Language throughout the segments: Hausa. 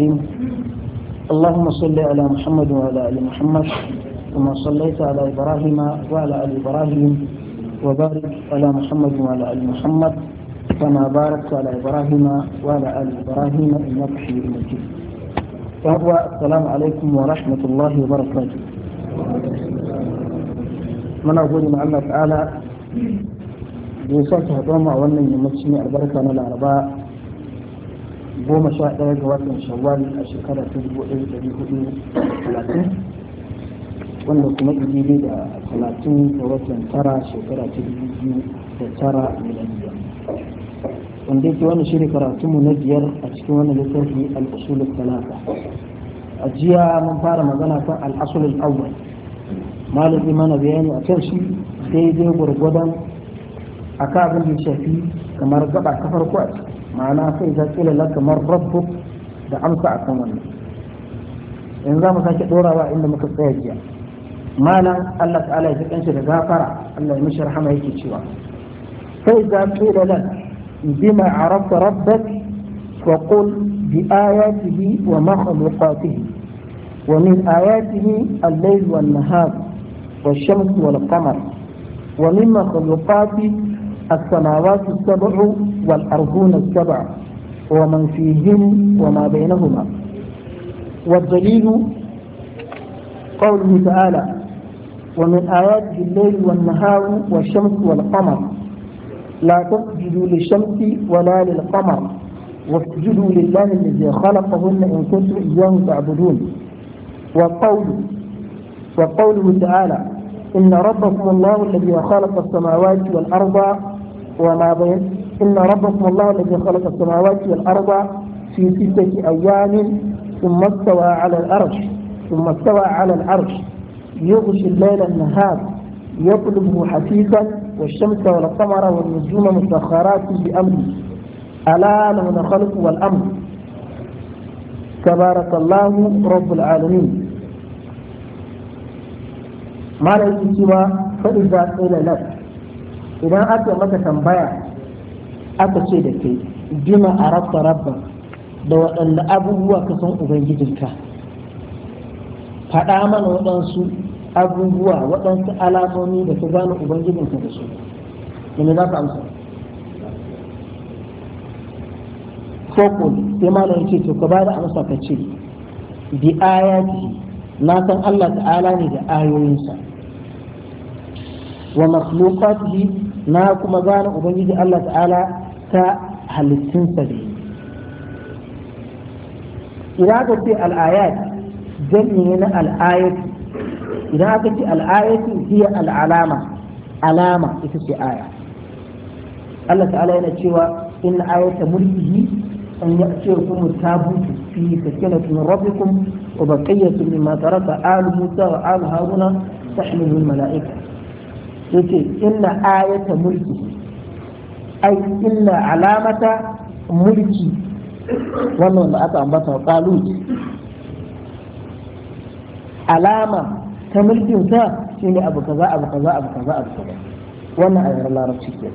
الرحيم اللهم صل على محمد وعلى آل محمد كما صليت على إبراهيم وعلى آل إبراهيم وبارك على محمد وعلى آل محمد كما باركت على إبراهيم وعلى آل إبراهيم إنك حميد مجيد فهو السلام عليكم ورحمة الله وبركاته من أقول مع الله تعالى بوسعة هدوما من يمسني البركة من العرباء goma sha ɗaya ga watan shawwal a shekarar ta dubu ɗaya da hudu talatin wanda kuma ɗigiri da talatin ga watan tara shekara ta dubu biyu da tara miliyan. wanda yake wani shirin karatunmu na biyar a cikin wani littafi al'usul talata a jiya mun fara magana kan al'asulun al'awwal malami mana bayani a kan shi daidai gwargwadon a kabin da shafi kamar gaba ta farko a ciki معناها في إذا قيل لك من ربك دعمك أكمل إن لم تكن دورا وإن لم تكن ما لا ألت عليه في أنشر غافرة أن مش رحمه هيك شوى فإذا قيل لك بما عرفت ربك فقل بآياته ومخلوقاته ومن آياته الليل والنهار والشمس والقمر ومن مخلوقاته السماوات السبع والأرضون السبع ومن فيهن وما بينهما والدليل قوله تعالى ومن آياته الليل والنهار والشمس والقمر لا تسجدوا للشمس ولا للقمر واسجدوا لله الذي خلقهن إن كنتم إياه تعبدون وقول وقوله تعالى إن ربكم الله الذي خلق السماوات والأرض وما بين إن ربكم الله الذي خلق السماوات والأرض في ستة أيام ثم استوى على العرش ثم استوى على العرش يغشي الليل النهار يطلبه حثيثا والشمس والقمر والنجوم مسخرات بأمره ألا له الخلق والأمر تبارك الله رب العالمين ما لا يجب فإذا قيل لك idan aka maka tambaya aka ce da kai bima arabta rabban da waɗanda abubuwa ka san ubangijinka faɗa mana waɗansu abubuwa waɗansu alamomi da ka gane ubangijinka da su da za ka amsa ko sai malam ce to ka ba da amsa ka ce bi ayati na san Allah ta'ala ne da ayoyinsa wa makhluqatihi na kuma gane ubangiji Allah ta'ala ta halittunsa ne idan aka ce al'ayat jami'i na al'ayatu idan aka ce al'ayatu hiya al'alama alama ita ce aya Allah ta'ala yana cewa in ayata mulkihi an ya'tiyakum tabut fi sakinatin rabbikum wa baqiyatun mimma taraka alu musa wa alu haruna tahmilu al-mala'ika yace inna ayata mulki ai inna alamata mulki wannan da aka ambata qalut alama ta mulkin sa shine abu kaza abu kaza abu kaza abu kaza wannan ayar larabci ke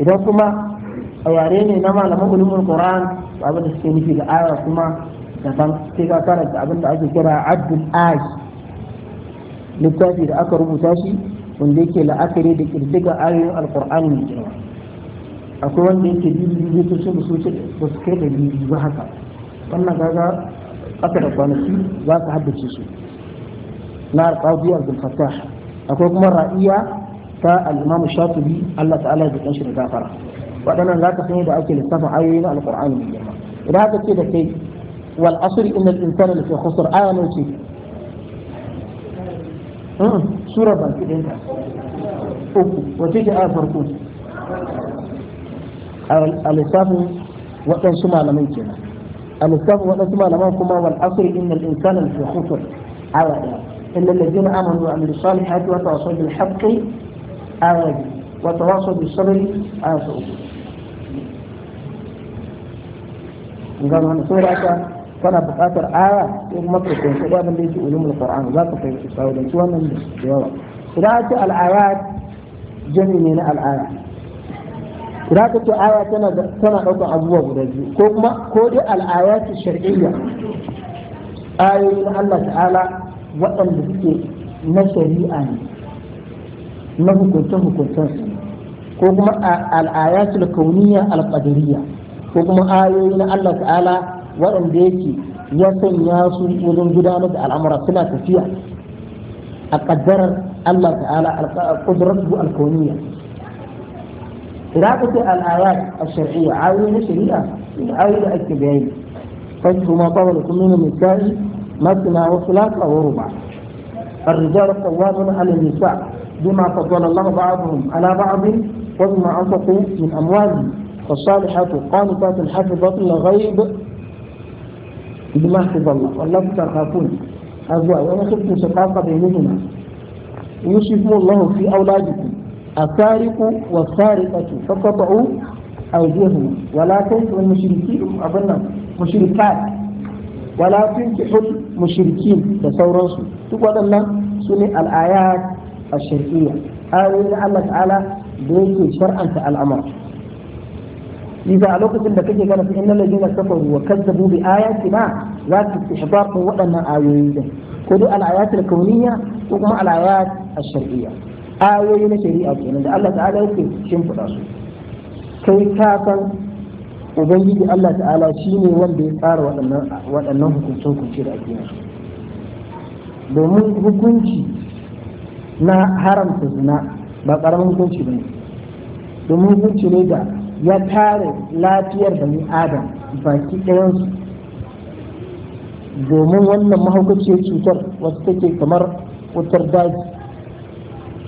idan kuma a yare ne na malamin ulumul qur'an abin da suke nufi da aya kuma daban sai ka karanta abin da ake kira abdul ash littafi da aka rubuta shi wanda yake la'akari da kirdiga ayoyin alkur'ani mai girma akwai wanda yake bibi zai ce ba su ce ba su kai da bibi ba haka wannan gaga aka da kwanaki za ka haddace su na alƙawfi abdul fattah akwai kuma ra'iya ta al-imam shatibi Allah ta'ala ya jikin shi da gafara waɗannan za ka sani da ake lissafa ayoyin alkur'ani mai girma idan aka ce da kai wal asri innal insana lafi khusr aya ne ce hmm. سورة بانكي وتيجي آية فرقون الإصاف وتنسمع لمنك الإصاف وتنسمع لمنكما والعصر إن الإنسان في خطر على إن الذين آمنوا وعملوا الصالحات وتواصوا بالحق آية وتواصوا بالصبر آية فرقون kana buƙatar aya ko kuma ka fahimci ba da yake ulumul qur'an za ka fahimci sauran wannan da yawa idan aka al-ayat jami ne na al idan aka ce aya tana tana abubuwa guda biyu ko kuma ko dai al-ayat shar'iyya ayoyin Allah ta'ala waɗanda suke na shari'a ne na ko kuma al-ayatul kauniyya al-qadariyya ko kuma na Allah ta'ala waɗanda yake ya sanya su wajen gudanar da al'amura suna tafiya a ƙaddarar Allah ta'ala al-qudratu al-kawniyya إرادة الآيات الشرعية عاون الشريعة عاون الكبيرين فاجتوا ما طاب لكم من النساء مثنى وثلاثة وربع الرجال قوامون على النساء بما فضل الله بعضهم على بعض وبما أنفقوا من أموالهم فالصالحات القانطات حفظت الغيب الله حفظ الله والله تخافون أزواج وما تبقوا شقاقة بينهما ويشفوا الله في أولادكم السارق والسارقة فقطعوا أيديهما ولا تنكحوا المشركين أظن مشركات ولا تنكحوا المشركين تصوروا تقول الله سنة الآيات الشرعية آية الله تعالى بيجي شرعا الأمر إذا ألوك سندك كان في إن الذين كفروا وكذبوا بآياتنا ذات استحضار وأنا آيوين كل الآيات الكونية وكما الآيات الشرعية آيوين شريعة يعني الله تعالى يكتب شنف الرسول كي كافا وبنجي الله تعالى شيني وندي قار وأنهم كنتم كنتم كنتم domin hukunci na haramta zina ba ƙaramin hukunci ba ne domin hukunci ne da ya kare lafiyar ni adam baki ɗayansu domin wannan mahaukaciyar cutar wasu take kamar wutar daji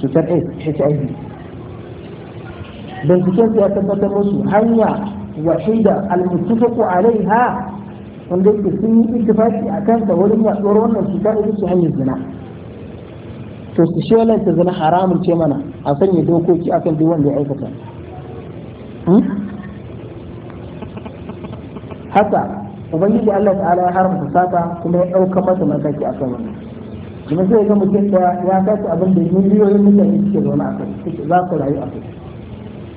cutar hiv binciken ya tabbatar musu hanya wahida alai alaiha wanda yake sun yi ittifaqi akan ta wurin yaduwar wannan cutar ita ce hanyar zina to su ta zina haramun ce mana a sanya dokoki akan duk wanda ya aikata Hmm? haka ubangiji Allah ta'ala ya haramta sata kuma ya ɗauka masa mataki a kan wannan kuma sai ga mutum da ya sace abin da miliyoyin mutane suke zaune a kai za su rayu a kai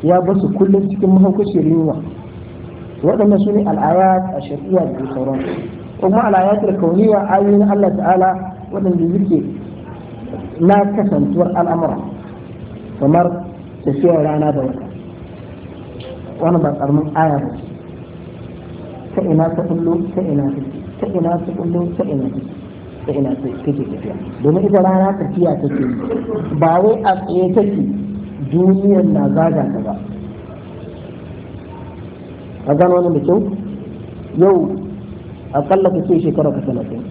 ya ba su kullum cikin mahaukaci yunwa waɗannan su ne al'ayat a shari'a da sauran kuma al'ayat al-kauniya ayoyin Allah ta'ala waɗanda suke na kasantuwar al'amura kamar tafiyar rana da wata wani ba karamin aya ba ta ina ta kullu ta ina ta ina ta kullu ta ina ta ina ta ke tafiya domin ita rana tafiya ke ba wai a tsaye ke duniyar na zaga ta ba a gano wani da kyau yau kalla ka ce shekara ka talatin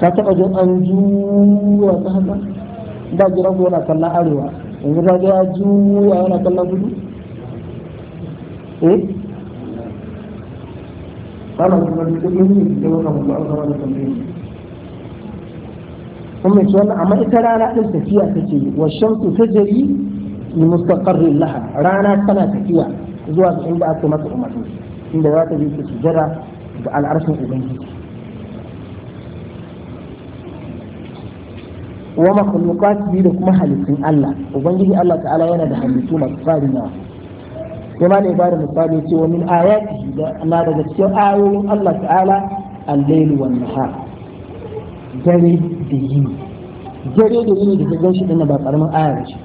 ta taɓa jin an juwa ta haka da jira ko kalla kallon arewa yanzu ta ga ya juwa yana kallon gudu ba kuma duk duk da wannan zama mai amma ita rana din tafiya take wa ta jari ni mustaqarrin laha rana tana tafiya zuwa ga inda aka mata umarni inda za ta bi ta sujada ga al'arshin ubangiji wa makhluqat bi da kuma halittun Allah ubangiji Allah ta'ala yana da halittu masu tsarin yawa sai ma ne bada misali ce wa min ayati da amma daga cikin ayoyin Allah ta'ala al-layl wan nahar dare da yini dare da yini da gan shi dinnan ba karamin aya ce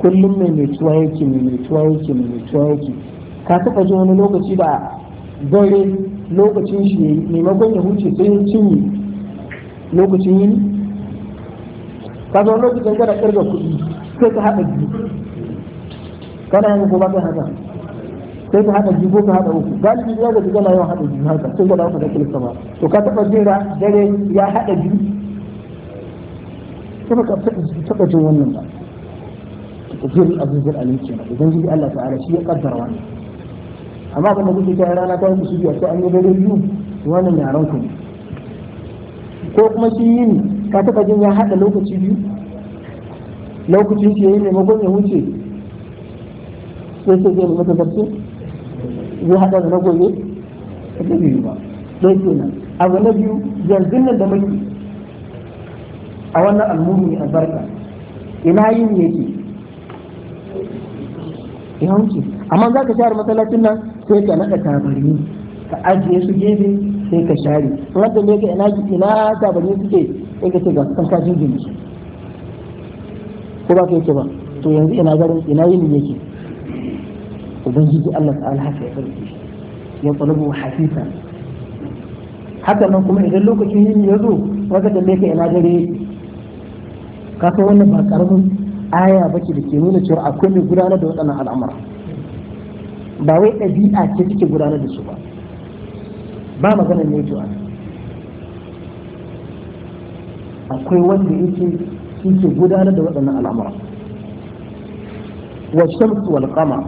kullum mai mai tuwa yake mai mai tuwa yake mai mai tuwa yake ka taba ji wani lokaci da dare lokacin shi mai maimakon ya huce sai yin cinye lokacin yini ka zo lokacin kada kirga kuɗi sai ka haɗa biyu kana yin ba ka haka sai ka haɗa jibo ka haɗa uku galibi ya ga jigala yawan haɗa jibo haka sai gwada da kilista ba to ka taɓa jira dare ya haɗa biyu kuma ka taɓa jin wannan ba tafiyar azizir alim ke nan idan jibi Allah ta'ala shi ya kaddara wannan amma kuma kuke ta rana ta yi su biya sai an yi dare biyu wannan yaran ku ko kuma shi yini ka taɓa jin ya haɗa lokaci biyu lokacin shi ya yi maimakon ya wuce sai ce zai zarce zai da nan da muke a wannan albarka ina yin yake ya wuce amma za ka share masallacin nan sai ka naɗa tabarni ka ajiye su gefe sai ka share wanda ne ka ina ina tabarni suke sai ka ce ga ko ba ka yake ba to yanzu ina garin ina yin yake ubangiji Allah ta'ala haka ya sarki ya tsalabu hafisa haka nan kuma idan lokacin yin ya zo wata da yake ina dare ka san wannan ba karamin aya bace da ke nuna cewa akwai mai gudanar da waɗannan al'amura ba wai ɗabi'a ce take gudanar da su ba ba maganar ne to akwai wanda yake yake gudanar da waɗannan al'amura wa shamsu wal qamar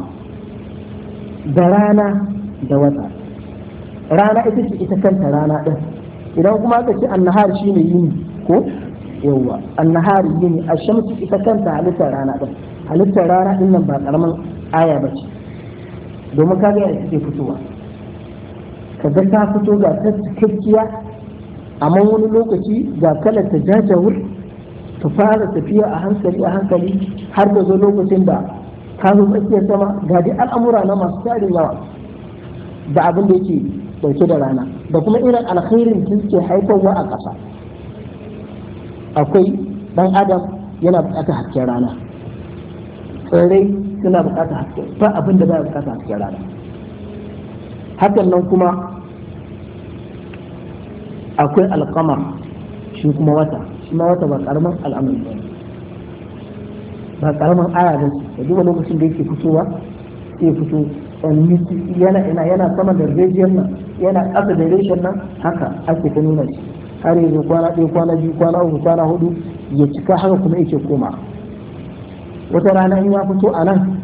da rana da wata rana ita ce ita kanta rana ɗin idan kuma aka ce annahar shi ne yini ko yawwa annahar yini a shamsu ita kanta halittar rana ɗin halittar rana ɗin nan ba ƙaramin aya ba ce domin ka gaya take fitowa ka ga ta fito ga ta cikakkiya amma wani lokaci ga kalar ta jajawur ta fara tafiya a hankali a hankali har da zo lokacin da ka zo tsakiyar sama ga dai al'amura na masu tarin yawa da abin da yake dauke da rana da kuma irin alkhairin da yake haifarwa a ƙasa akwai ɗan adam yana buƙatar hasken rana tsirrai suna buƙatar hasken ba abin da ba buƙatar hasken rana hakan nan kuma akwai alƙamar shi kuma wata shi ma wata ba ƙaramin al'amari ba ba karamin aya ba da duba lokacin da yake fitowa sai fito yana yana yana sama da rejiyar nan yana ƙasa da rejiyar nan haka ake ta nuna shi har yanzu kwana ɗaya kwana biyu kwana uku kwana hudu ya cika haka kuma yake koma wata rana in ya fito a nan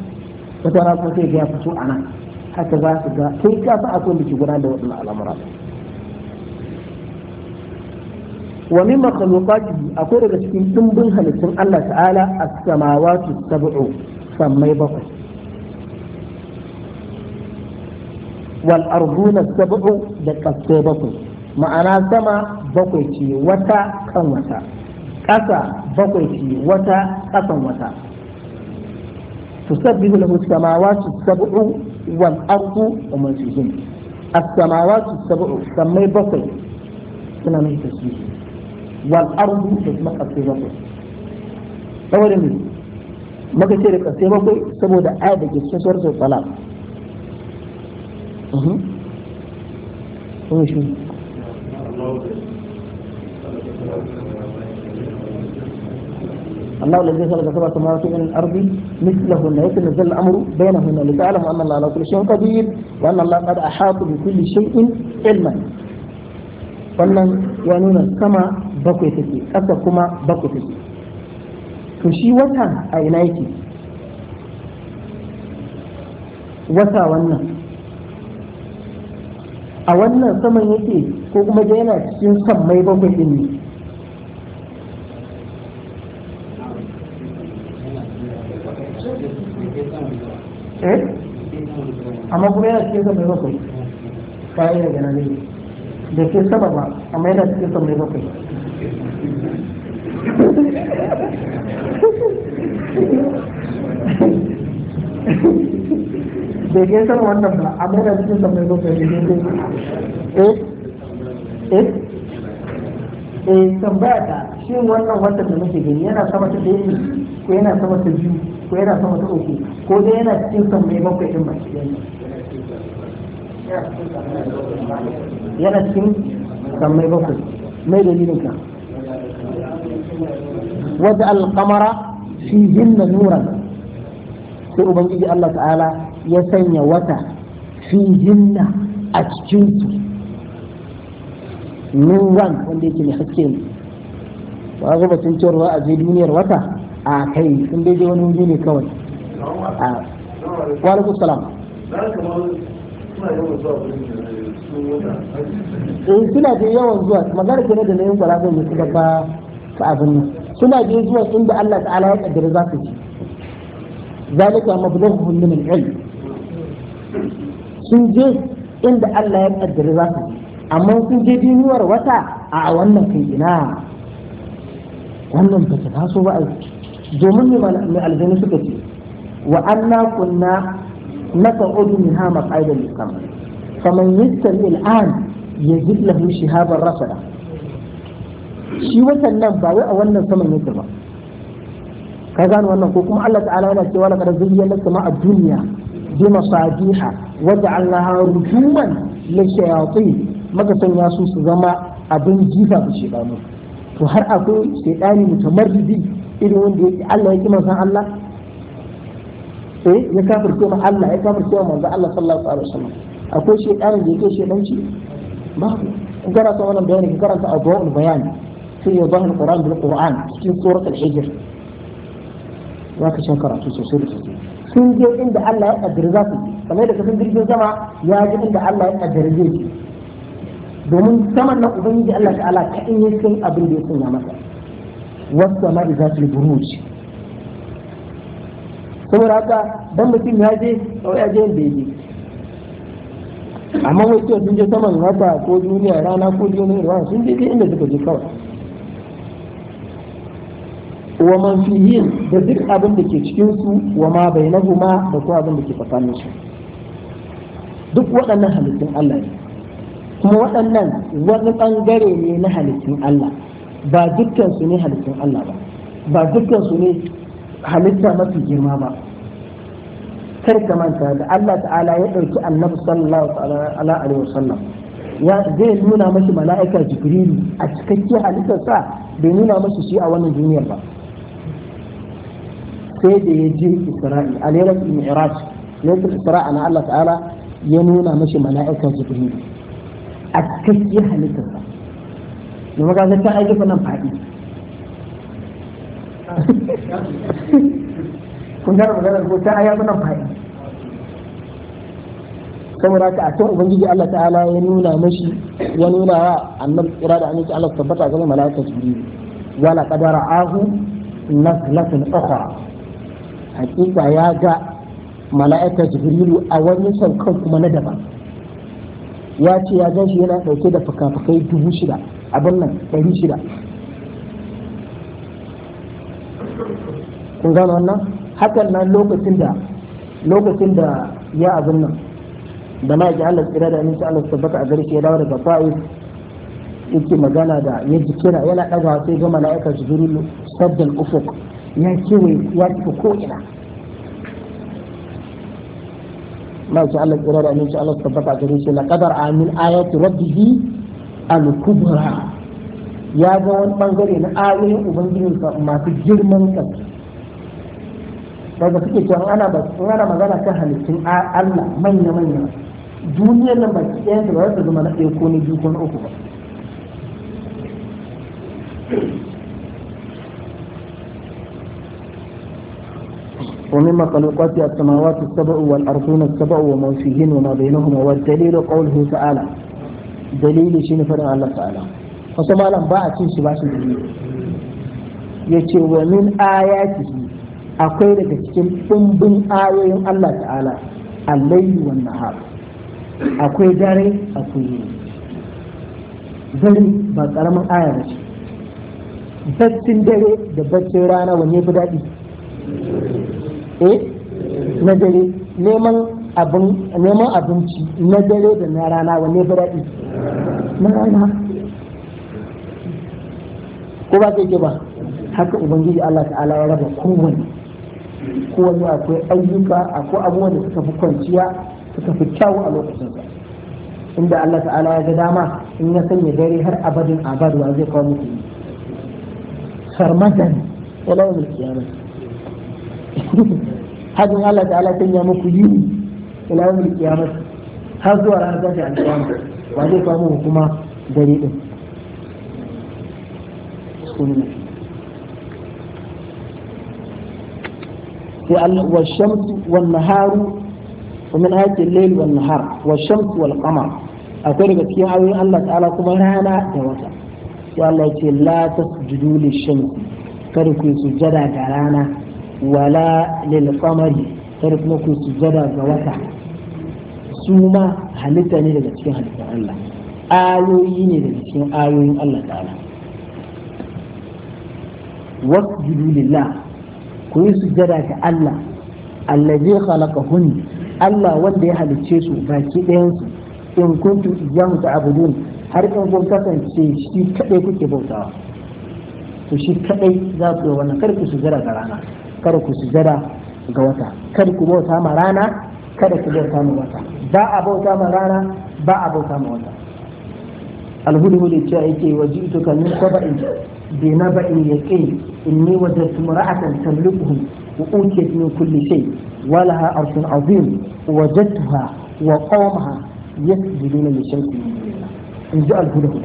wata rana kuma sai ya fito a nan haka za su ga kai ka san akwai da ke gudanar da waɗannan al'amura wa min makhluqatihi akwai daga cikin dimbin halittun Allah ta'ala as-samawati sab'u sammai bakwai wal arduna sab'u da kasai bakwai ma'ana sama bakwai ce wata kan wata ƙasa bakwai ce wata ƙasan wata تسبح له السماوات السبع والأرض ومن فيهن السماوات السبع سمي بطل سنة تسبيح والأرض تسمح التزمر أولا من maka ce da kasai bakwai saboda aya da ke cikin suwar talaq الله الذي خلق سبع سماوات من الارض مثلهن يتنزل الامر بينهن لتعلموا ان الله على كل شيء قدير وان الله قد احاط بكل شيء علما. wannan ya nuna bakwai take ƙasa kuma bakwai take to shi wata a ina yake wata wannan a wannan saman yake ko kuma ga yana cikin san mai bakwai din ne eh amma kuma yana cikin san mai bakwai ta yi nan ne da ke saba ba amma yana cikin san mai bakwai bai ke san wannan ba amma da cikin sa mai da muke gani yana sama ta ɗaya ko yana sama ta biyu ko yana uku ko dai yana cikin sa mai bakwai ɗin bakwai mai dalilin ka waj'al qamara fihinna nuran sai ubangiji Allah ta'ala ya sanya wata fi fihinna a cikin su nuran wanda yake mai haske ne ba sun ce cewa a je duniyar wata a kai sun dai wani wuri ne kawai a walaikum salam eh suna da yawan zuwa magana kenan da na kwara zan da suka ba abin nan suna je zuwa inda Allah ta'ala ya kaddara za su ji zalika mablaghuhum min al-ilm sun je inda Allah ya kaddara za su ji amma sun je duniwar wata a wannan kai ina wannan ba ta taso ba domin mai aljanu suka ce wa anna kunna ha نقعد منها مقعد للقمر فمن يستمع الآن يجد له شهابا رصدا shi watan nan ba wai a wannan saman yake ba ka gano wannan ko kuma Allah ta'ala yana cewa laqad zayyana sama a duniya bi masadiha wa ja'alnaha rujuman lishayatin maka sanya su su zama abin jifa da shedanu to har akwai shedani mutamarridi irin wanda yake Allah ya kima san Allah eh ya kafirce ma Allah ya kafirce ma manzo Allah sallallahu alaihi wasallam akwai shedani da yake shedanci ba ku kana son wannan bayani ku karanta abu'ul bayani tafsir wa bahar ƙoran bil ƙoran cikin surat al-Hijr za ka shan karatu sosai da sosai sun je inda Allah ya kaddara za su kamar da kasan jirgin sama ya je inda Allah ya kaddara zai ji domin saman nan ubangiji Allah ta'ala ka in yi san abin da ya sanya masa wasu ma za su buruj saboda haka dan mutum ya je ya je inda ya je amma wasu sun je saman haka ko duniya rana ko duniya rana sun je inda suka je kawai wa man fihin da duk abin da ke cikin su wa ma bainahuma da ko abin da ke tsakanin su duk waɗannan halittun Allah ne kuma waɗannan wani ɓangare ne na halittun Allah ba dukkan su ne halittun Allah ba ba dukkan su ne halitta mafi girma ba kar ka manta da Allah ta'ala ya ɗauki annabi sallallahu alaihi wasallam ya zai nuna mashi mala'ika jibrilu a cikakkiyar halittarsa bai nuna mashi shi a wannan duniyar ba sai da ya ji isra'i a lairar mi'raj lairar isra'a na Allah ta'ala ya nuna mashi mala'ika jibril a cikakkiyar halittarsa domin ga ta aiki nan faɗi kun gara maganar ko ta aiki nan faɗi saboda ka a kan ubangiji Allah ta'ala ya nuna mashi ya nuna wa annabi kira da annabi Allah tabbata ga mala'ika jibril wala qadara ahu naslatan ukhra hakika ya ga mala'ika jibrilu a wani saukan kuma na daban ya ce ya gan shi yana ɗauke da fuka-fukai dubu shida abin nan ɗari shida kun gano wannan hakan nan lokacin da lokacin da ya abin nan da ma ji Allah tsira da nisa Allah tabbata a garke shi ya dawo daga fa'i yake magana da ya ji kira yana ɗaga sai ga mala'ika jibrilu sabbin ufuk ya kewaye ya k'o ko'ina ma shi Allah kira da amince Allah ta baka gare shi laqadar amin ayati rabbihi al-kubra ya ga wani bangare na ayoyin ubangijin ka masu girman ka daga suke cewa ana ba ana magana ta halittun Allah manya manya duniyar nan ba ki da za ta zama na ɗaya ko na biyu ko uku ومن مخلوقات السماوات السبع والأرضون السبع وما فيهن وما بينهما والدليل قوله تعالى دليل شنو فرع الله تعالى فسما لم باعتين سباش دليل يتي ومن آياته akwai daga cikin ɗumbin ayoyin Allah ta'ala allayi wa nahar akwai dare akwai yini dare ba ƙaramin aya ce baccin dare da baccin rana wanne fi daɗi eh na dare neman abin neman abinci na dare da na rana wanne fi daɗi na rana ko ba ke ba haka ubangiji Allah ta'ala ya raba kowanne kowanne akwai ayyuka akwai abubuwan da suka fi kwanciya suka fi kyawu a lokacin inda Allah ta'ala ya ga dama in ya sanya dare har abadin abaduwa zai kawo muku sarmadan ila yawmil qiyamah hajjin Allah ta sanya muku yi ila yau mulki ya masu har zuwa ranar zafi a cikin ba zai kwamo kuma gari ɗin sai Allah wa shamsu wa naharu wa shamsu wal akwai daga cikin ayoyin Allah ta'ala kuma rana da wata sai Allah ya ce la tasjudu lishamsi kada ku sujada ga rana wala lil qamari kada kuma ku sujada ga wata su ma halitta ne daga cikin halittar Allah ayoyi ne daga cikin ayoyin Allah ta'ala wasjudu lillah ku yi sujada ga Allah allazi khalaqahun Allah wanda ya halicce su baki ɗayan su in kuntum iyyahu ta'budun har in kun kasance shi kadai kuke bautawa to shi kadai za ku yi wannan karku sujada ga rana kada ku sujada ga wata kada ku bauta ma rana kada ku bauta ma wata ba a bauta ma rana ba a bauta ma wata alhudhudi cewa yake wajituka min sab'in bi naba'in yaqin inni wajadtu mar'atan tamlikuhum wa utiyat min kulli shay wa laha arshun azim wajadtuha wa qawmaha yasjuduna na shay'in in ji alhudhudi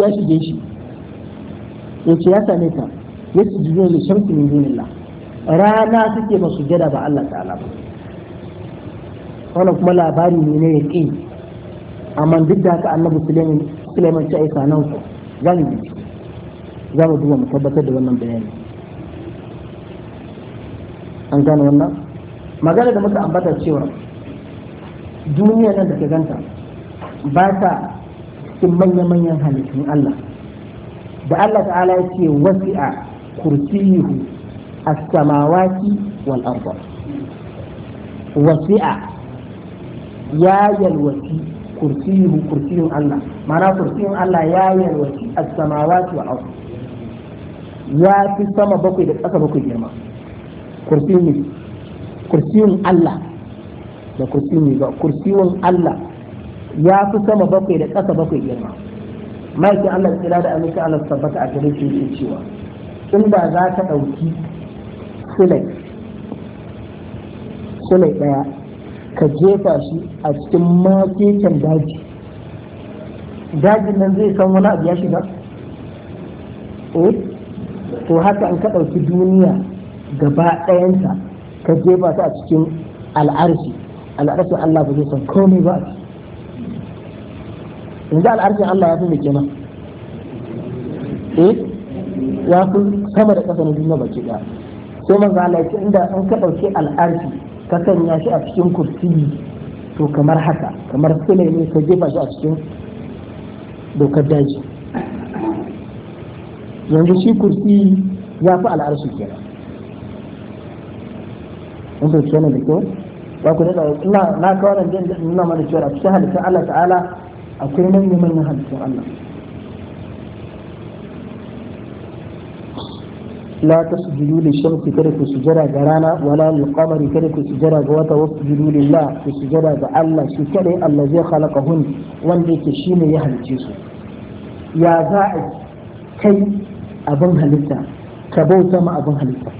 ya shige shi yace ya same ta yace jiyo ne shamsi min dunillah rana suke ba jada ba Allah ta'ala ba wannan kuma labari ne na yaqin amma duk da haka annabi Sulaiman Sulaiman ya aika nan ku zan yi za mu duba mu tabbatar da wannan bayani an gane wannan magana da muka ambata cewa duniya nan da ka ganta ba ta cikin manya-manyan halittun Allah da Allah ta'ala ya ce wasi'a kursiyuhu as-samawati wal arda wasi'a ya yalwati kursiyuhu kursiyun Allah ma'ana kursiyun Allah ya yalwati as-samawati wal arda ya fi sama bakwai da ƙasa bakwai girma kursiyun kursiyun Allah da kursiyun ba kursiyun Allah ya fi sama bakwai da ƙasa bakwai girma ma'aikin Allah tsira da amince Allah tabbata a gare shi cewa cewa inda za ka ɗauki sulai sulai ɗaya ka jefa shi a cikin makekin daji dajin nan zai san wani abu ya shiga eh, to haka an ka ɗauki duniya gaba dayanta ka jefa ta a cikin al'arshi al'arshi Allah ba zai san komai ba yanzu al'arshin Allah ya fi mai kenan eh ya fi sama da ƙasa na duniya baki ɗaya sai manzo Allah ya ce inda an ka ɗauki al'arshi ka sanya shi a cikin kursiyi to kamar haka kamar sule ne ka jefa shi a cikin dokar daji yanzu shi kursi ya fi al'arshi kenan in sauke kenan da kyau ba ku daɗa na kawo nan nuna mana cewa a cikin halittar Allah ta'ala akwai manya manyan hadisin Allah la tasjudu li shamsi kada ku sujada ga rana wala lil qamari kada ku sujada ga wata da lillah ku sujada ga Allah shi kada Allah zai khalaqahun wanda yake ne ya halice su ya za a kai abin halitta ka bauta ma abin halitta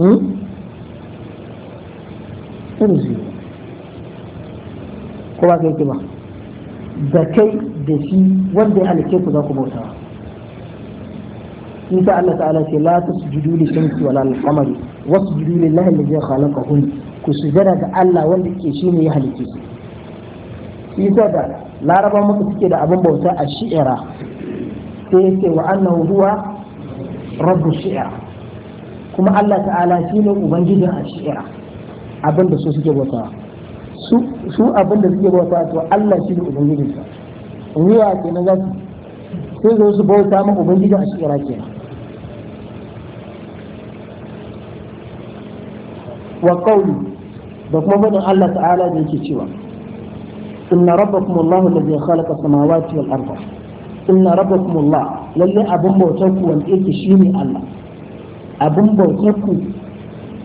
hmm? ko ba ka yake da kai da shi wanda ya halice ku za ku bauta isa Allah ta'ala ce la tasjudu li shamsi wala al-qamari wasjudu lillahi alladhi khalaqahun ku sujada ga Allah wanda ke shi ne ya halice su isa da laraba muka suke da abin bauta a shi'ira sai yake wa annahu huwa rabbu shi'ira kuma Allah ta'ala shi ne ubangijin a shi'ira abin da su suke bautawa su abin da suke bauta to Allah shi ne ubangijin sa ruwa kenan za su sai zo su bauta ma ubangijin a shekara kenan wa qawli da kuma fadin Allah ta'ala da yake cewa inna rabbakum Allahu alladhi khalaqa samawati wal arda inna rabbakum Allah lalle abin bautar ku wanda yake shine Allah abin bautar ku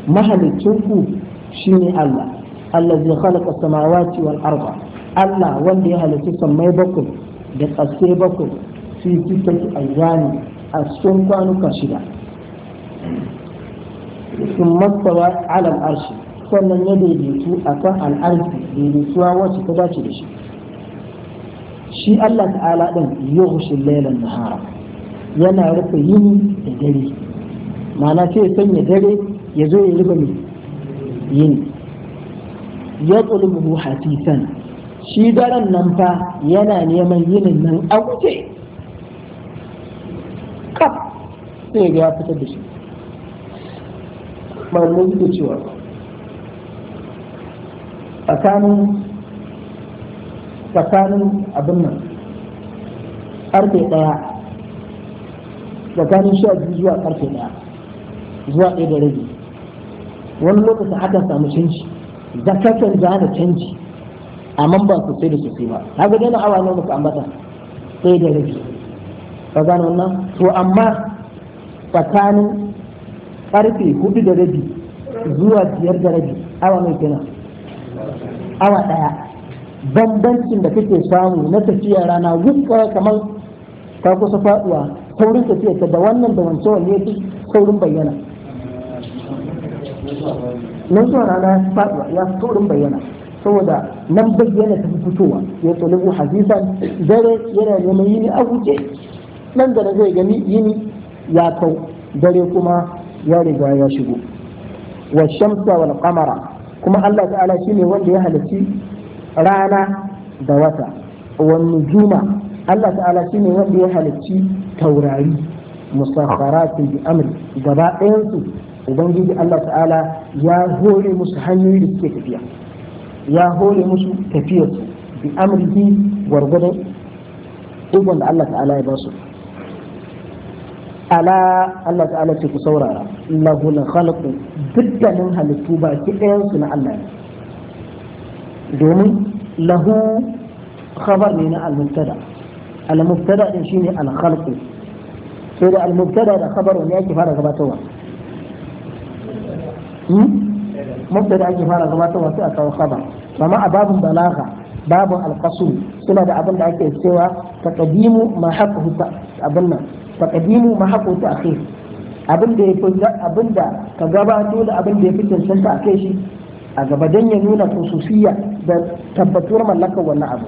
mahalicin ku shine Allah allazi khalaqa samawati wal arda Allah wanda ya halitta sammai bakwai da ƙasai bakwai fi sittati ayyami a cikin kwanuka shida sun mastawa alal arshi sannan ya daidaitu a kan al'arfi daidaituwa wacce ta dace da shi shi Allah ta'ala ɗin yughshi lailan nahara yana rufe yini da dare ma'ana ce ya sanya dare ya zo ya rufe yini ya tsulubu hatisan shi daren nan fa yana neman yinin nan a wuce kaf sai ga ya fitar da shi malamin da cewa tsakanin tsakanin abin nan ƙarfe ɗaya tsakanin sha biyu zuwa ƙarfe ɗaya, zuwa ɗaya da rabi wani lokacin aka samu canji zakatan da canji a mamban su sai da su ba kaga ga na awa ne muka ambata sai da rabi ka gano wannan to amma tsakanin karfe hudu da rabi zuwa biyar da rabi awa mai gina, awa daya bambancin da kake samu na tafiya rana wuka kamar ka kusa faduwa saurin tafiya ta da wannan da wancan wanne saurin bayyana nan zuwa rana ya faɗuwa ya fi taurin bayyana saboda nan bayyana ta fitowa ya tsolibu hadisan dare yana neman yini a guje nan da zai gani yini ya kau dare kuma ya riga ya shigo wa shamsa wal qamara kuma Allah ta'ala shine wanda ya halarci rana da wata wa nujuma Allah ta'ala shine wanda ya halarci taurari musaffaratin bi amri gaba ɗayan su ubangiji Allah ta'ala ya hore musu hanyoyi da suke tafiya ya hore musu tafiyar bi amrihi gwargwadon ubon da Allah ta'ala ya basu ala Allah ta'ala ce ku saurara lahu la khalaqu dukkanin halittu ba ki ɗayan su na Allah ne domin lahu khabar ne na al-mubtada al-mubtada din shine al-khalqu sai da al-mubtada da khabar ne yake fara gabatarwa mubtada ake fara zama gabatarwa sai a kawo khabar amma a babin balaga babin alqasul suna da abin da ake cewa taqdimu ma haqqu abin nan taqdimu ma haqqu ta'khir abin da yafi abin da ka gabato da abin da yafi cancanta a kai shi a gaba dan ya nuna khususiyya da tabbatuwar mallakar wannan abu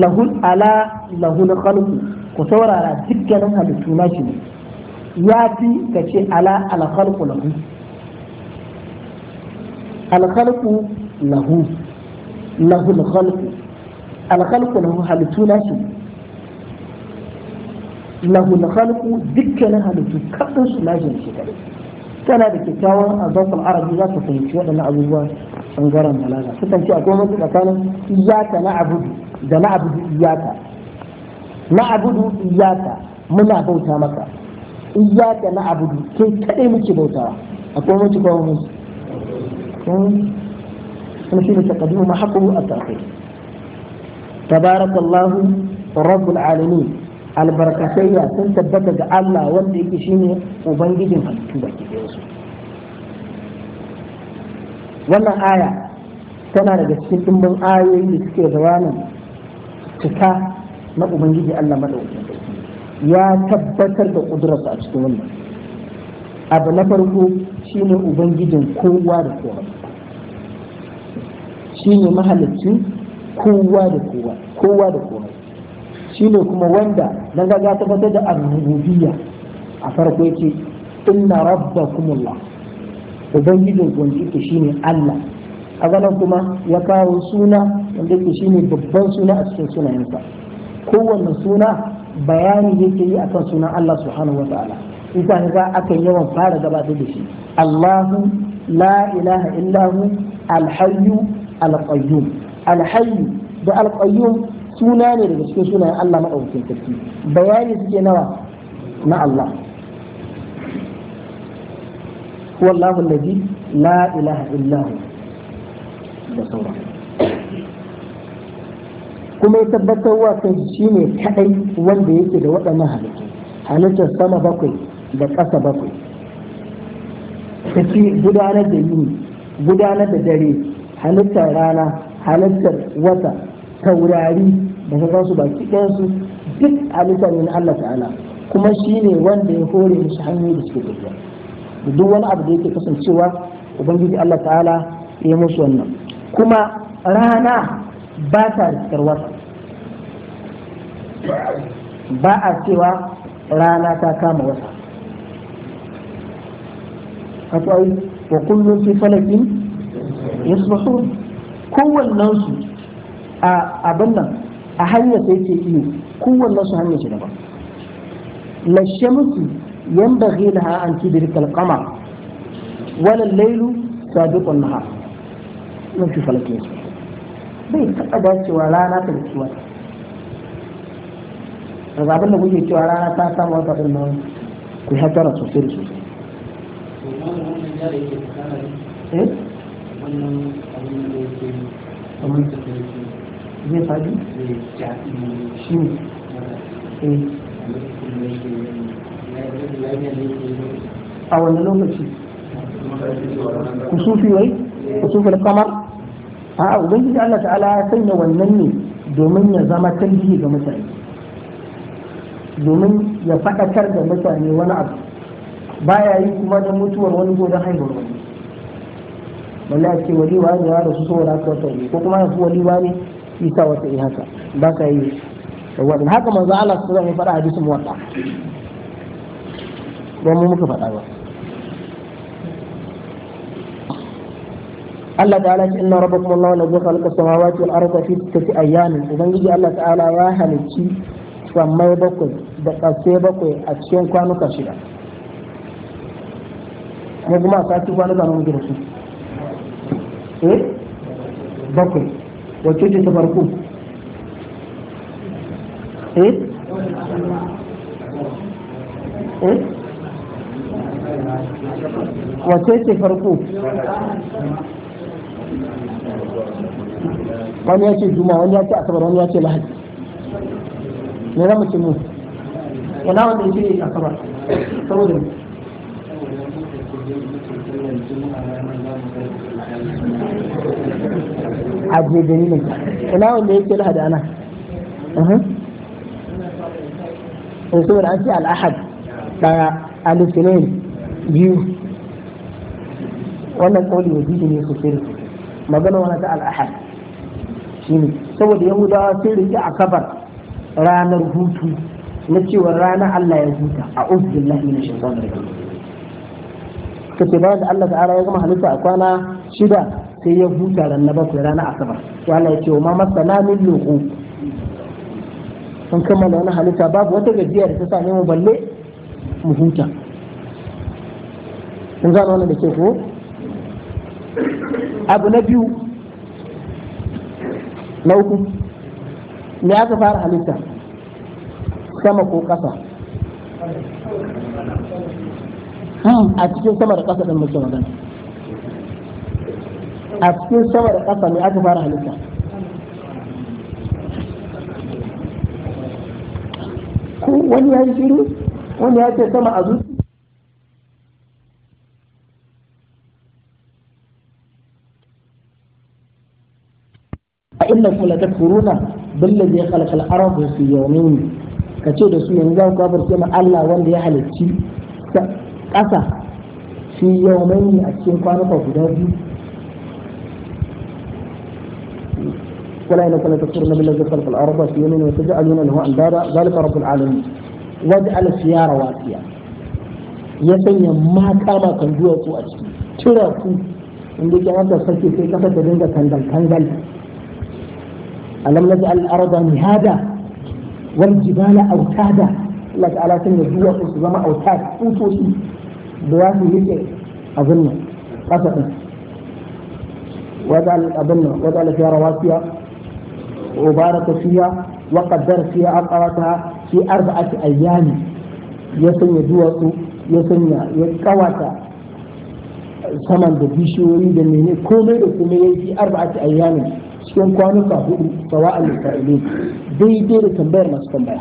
lahul ala lahul khalqu ku saurara dukkanin halittu na shi ne ya fi ka ce ala ala khalqu lahu alkhalqu lahu lahu alkhalqu alkhalqu lahu halittu lahu alkhalqu dukkanin halittu kadin su lajin tana da kyakkyawan azafin arabi za ta fahimci waɗannan abubuwa bangaren balaga sukan ce akwai mafi tsakanin iyaka na da na abudu iyaka na abudu iyaka bauta maka kai muke bautawa akwai kuma shi ne taqdimu ma haqqu at-ta'khir tabarakallahu rabbul alamin albarkatayya sun tabbata ga Allah wanda yake ne ubangijin halittu baki ɗaya wasu. wannan aya tana daga cikin dimbin ayoyi da suke bayanin cika na ubangiji Allah madaukakin sarki ya tabbatar da kudurarsa a cikin wannan abu na farko shine ubangijin kowa da kowa shine mahalicin kowa da kowa kowa da kowa shine kuma wanda na ga ta fitar da ar-rububiyya a farko yace inna rabbakumullah ubangijin wanda yake shine Allah a kuma ya kawo suna wanda yake shine babban suna a cikin sunayensa kowanne suna bayani yake yi akan sunan Allah subhanahu wataala idan a kan yawan fara gabatar da shi Allahu la ilaha illahu alhayyu alƙayyum alhayyu da alƙayyum suna ne daga cikin sunayen Allah maɗaukakin sarki bayani suke nawa na Allah wallahu allazi la ilaha illa da sauran kuma ya tabbatar wa kai shi ne kaɗai wanda yake da waɗannan halittu halittar sama bakwai da ƙasa bakwai tafi gudanar da yini gudanar da dare halittar rana halittar wata taurari da ka su baki ɗayansu duk halittar ne na Allah ta'ala kuma shi ne wanda ya hore mishi hanyoyi da suke tafiya duk wani abu da yake kasancewa ubangiji Allah ta'ala ya yi musu wannan kuma rana ba ta riskar wata ba a cewa rana ta kama wata akwai wa kullum fi falakin yasbahun kowannen su a abin nan a hanyar sai ke iyo kowannen su hanyar shi daban la shamsu yanbaghi laha an tudrika al-qamar wala laylu sabiqu an-nahar nan fi falakin bai taɓa dacewa rana ta da daga abin da kuke cewa rana ta samu wata ɗin nan ku hatara sosai da sosai wannan abin da kamar ta zai faɗi ne a wani lokaci kusufi wai kusufi kamar a ubangiji Allah ta'ala ya sanya wannan ne domin ya zama tarihi ga mutane domin ya faɗakar da mutane wani abu ba ya yi kuma da mutuwar wani ko da haihuwar wani wanda ake waliwa wali wa ya rasu saboda haka wata yi ko kuma yasu waliwa wali wa ne isa wata yi haka ba ka yi wannan haka manzo Allah su zama faɗa hadisin muwatta ba mu muka faɗa ba Allah ta'ala ce inna rabbakum Allah allazi khalaqa samawati wal arda fi sittati ayyamin ubangiji Allah ta'ala ya halicci sammai bakwai da ƙasai bakwai a cikin kwanuka shida kuma kuma a sati kwanuka mun gina su eh bakwai wacce ce ta farko eh eh wacce ce farko wani ya ce juma wani ya ce asabar wani ya ce lahadi ne za mu ce mu ina wanda ya ce asabar saboda a jejeni ne ina wanda yake lahadi ana eh saboda an ce al'ahad daya alisinin biyu wannan koli ya jiji ne sosai magana wani ta al'ahad ne saboda yahudawa sun rike a kabar ranar hutu na cewa rana Allah ya huta a ubillahi na shaitan rajim kace bayan da Allah ta'ala ya gama halitta a kwana shida sai ya huta ran na bakwai rana asabar to Allah ya ce wa ma masana min sun kammala wani halitta babu wata gajiya da ta same mu balle mu huta kun gano wannan da ke ko abu na biyu na uku me aka fara halitta sama ko ƙasa hmm, a cikin sama da ƙasa ɗin muke magana a cikin sama da ƙasa ne aka fara halitta wani ya yi shiru wani ya ce sama a zuci ta la takfuruna billazi kalkal al su fi ka ce da su yanzu za ku kafirce ma Allah wanda ya halicci ƙasa fi yawmin a cikin kwanuka guda biyu ولا انك لتذكرن بالذي خلق الارض في يمين وتجعلون له اندادا ذلك رب العالمين واجعل السياره واسيا يسمي ما كما كان جوا قوات ترى كو ان دي كانت تسكي في كفه تدنگا كندل كندل الم نجعل الارض مهادا والجبال اوتادا الله تعالى سمي جوا قوات زما اوتاد قوتي دواسي ليك اظن قصدنا وجعل اظن وجعل السياره واسيا وبارك فيها وقدر فيها أقواتها في أربعة أيام يسن يدوس ya kawata saman da bishiyoyi da mene komai da kuma ya yanki arba'ati ayyami, cikin kwanuka hudu sawa'al isra'ili daidai da tambayar masu tambaya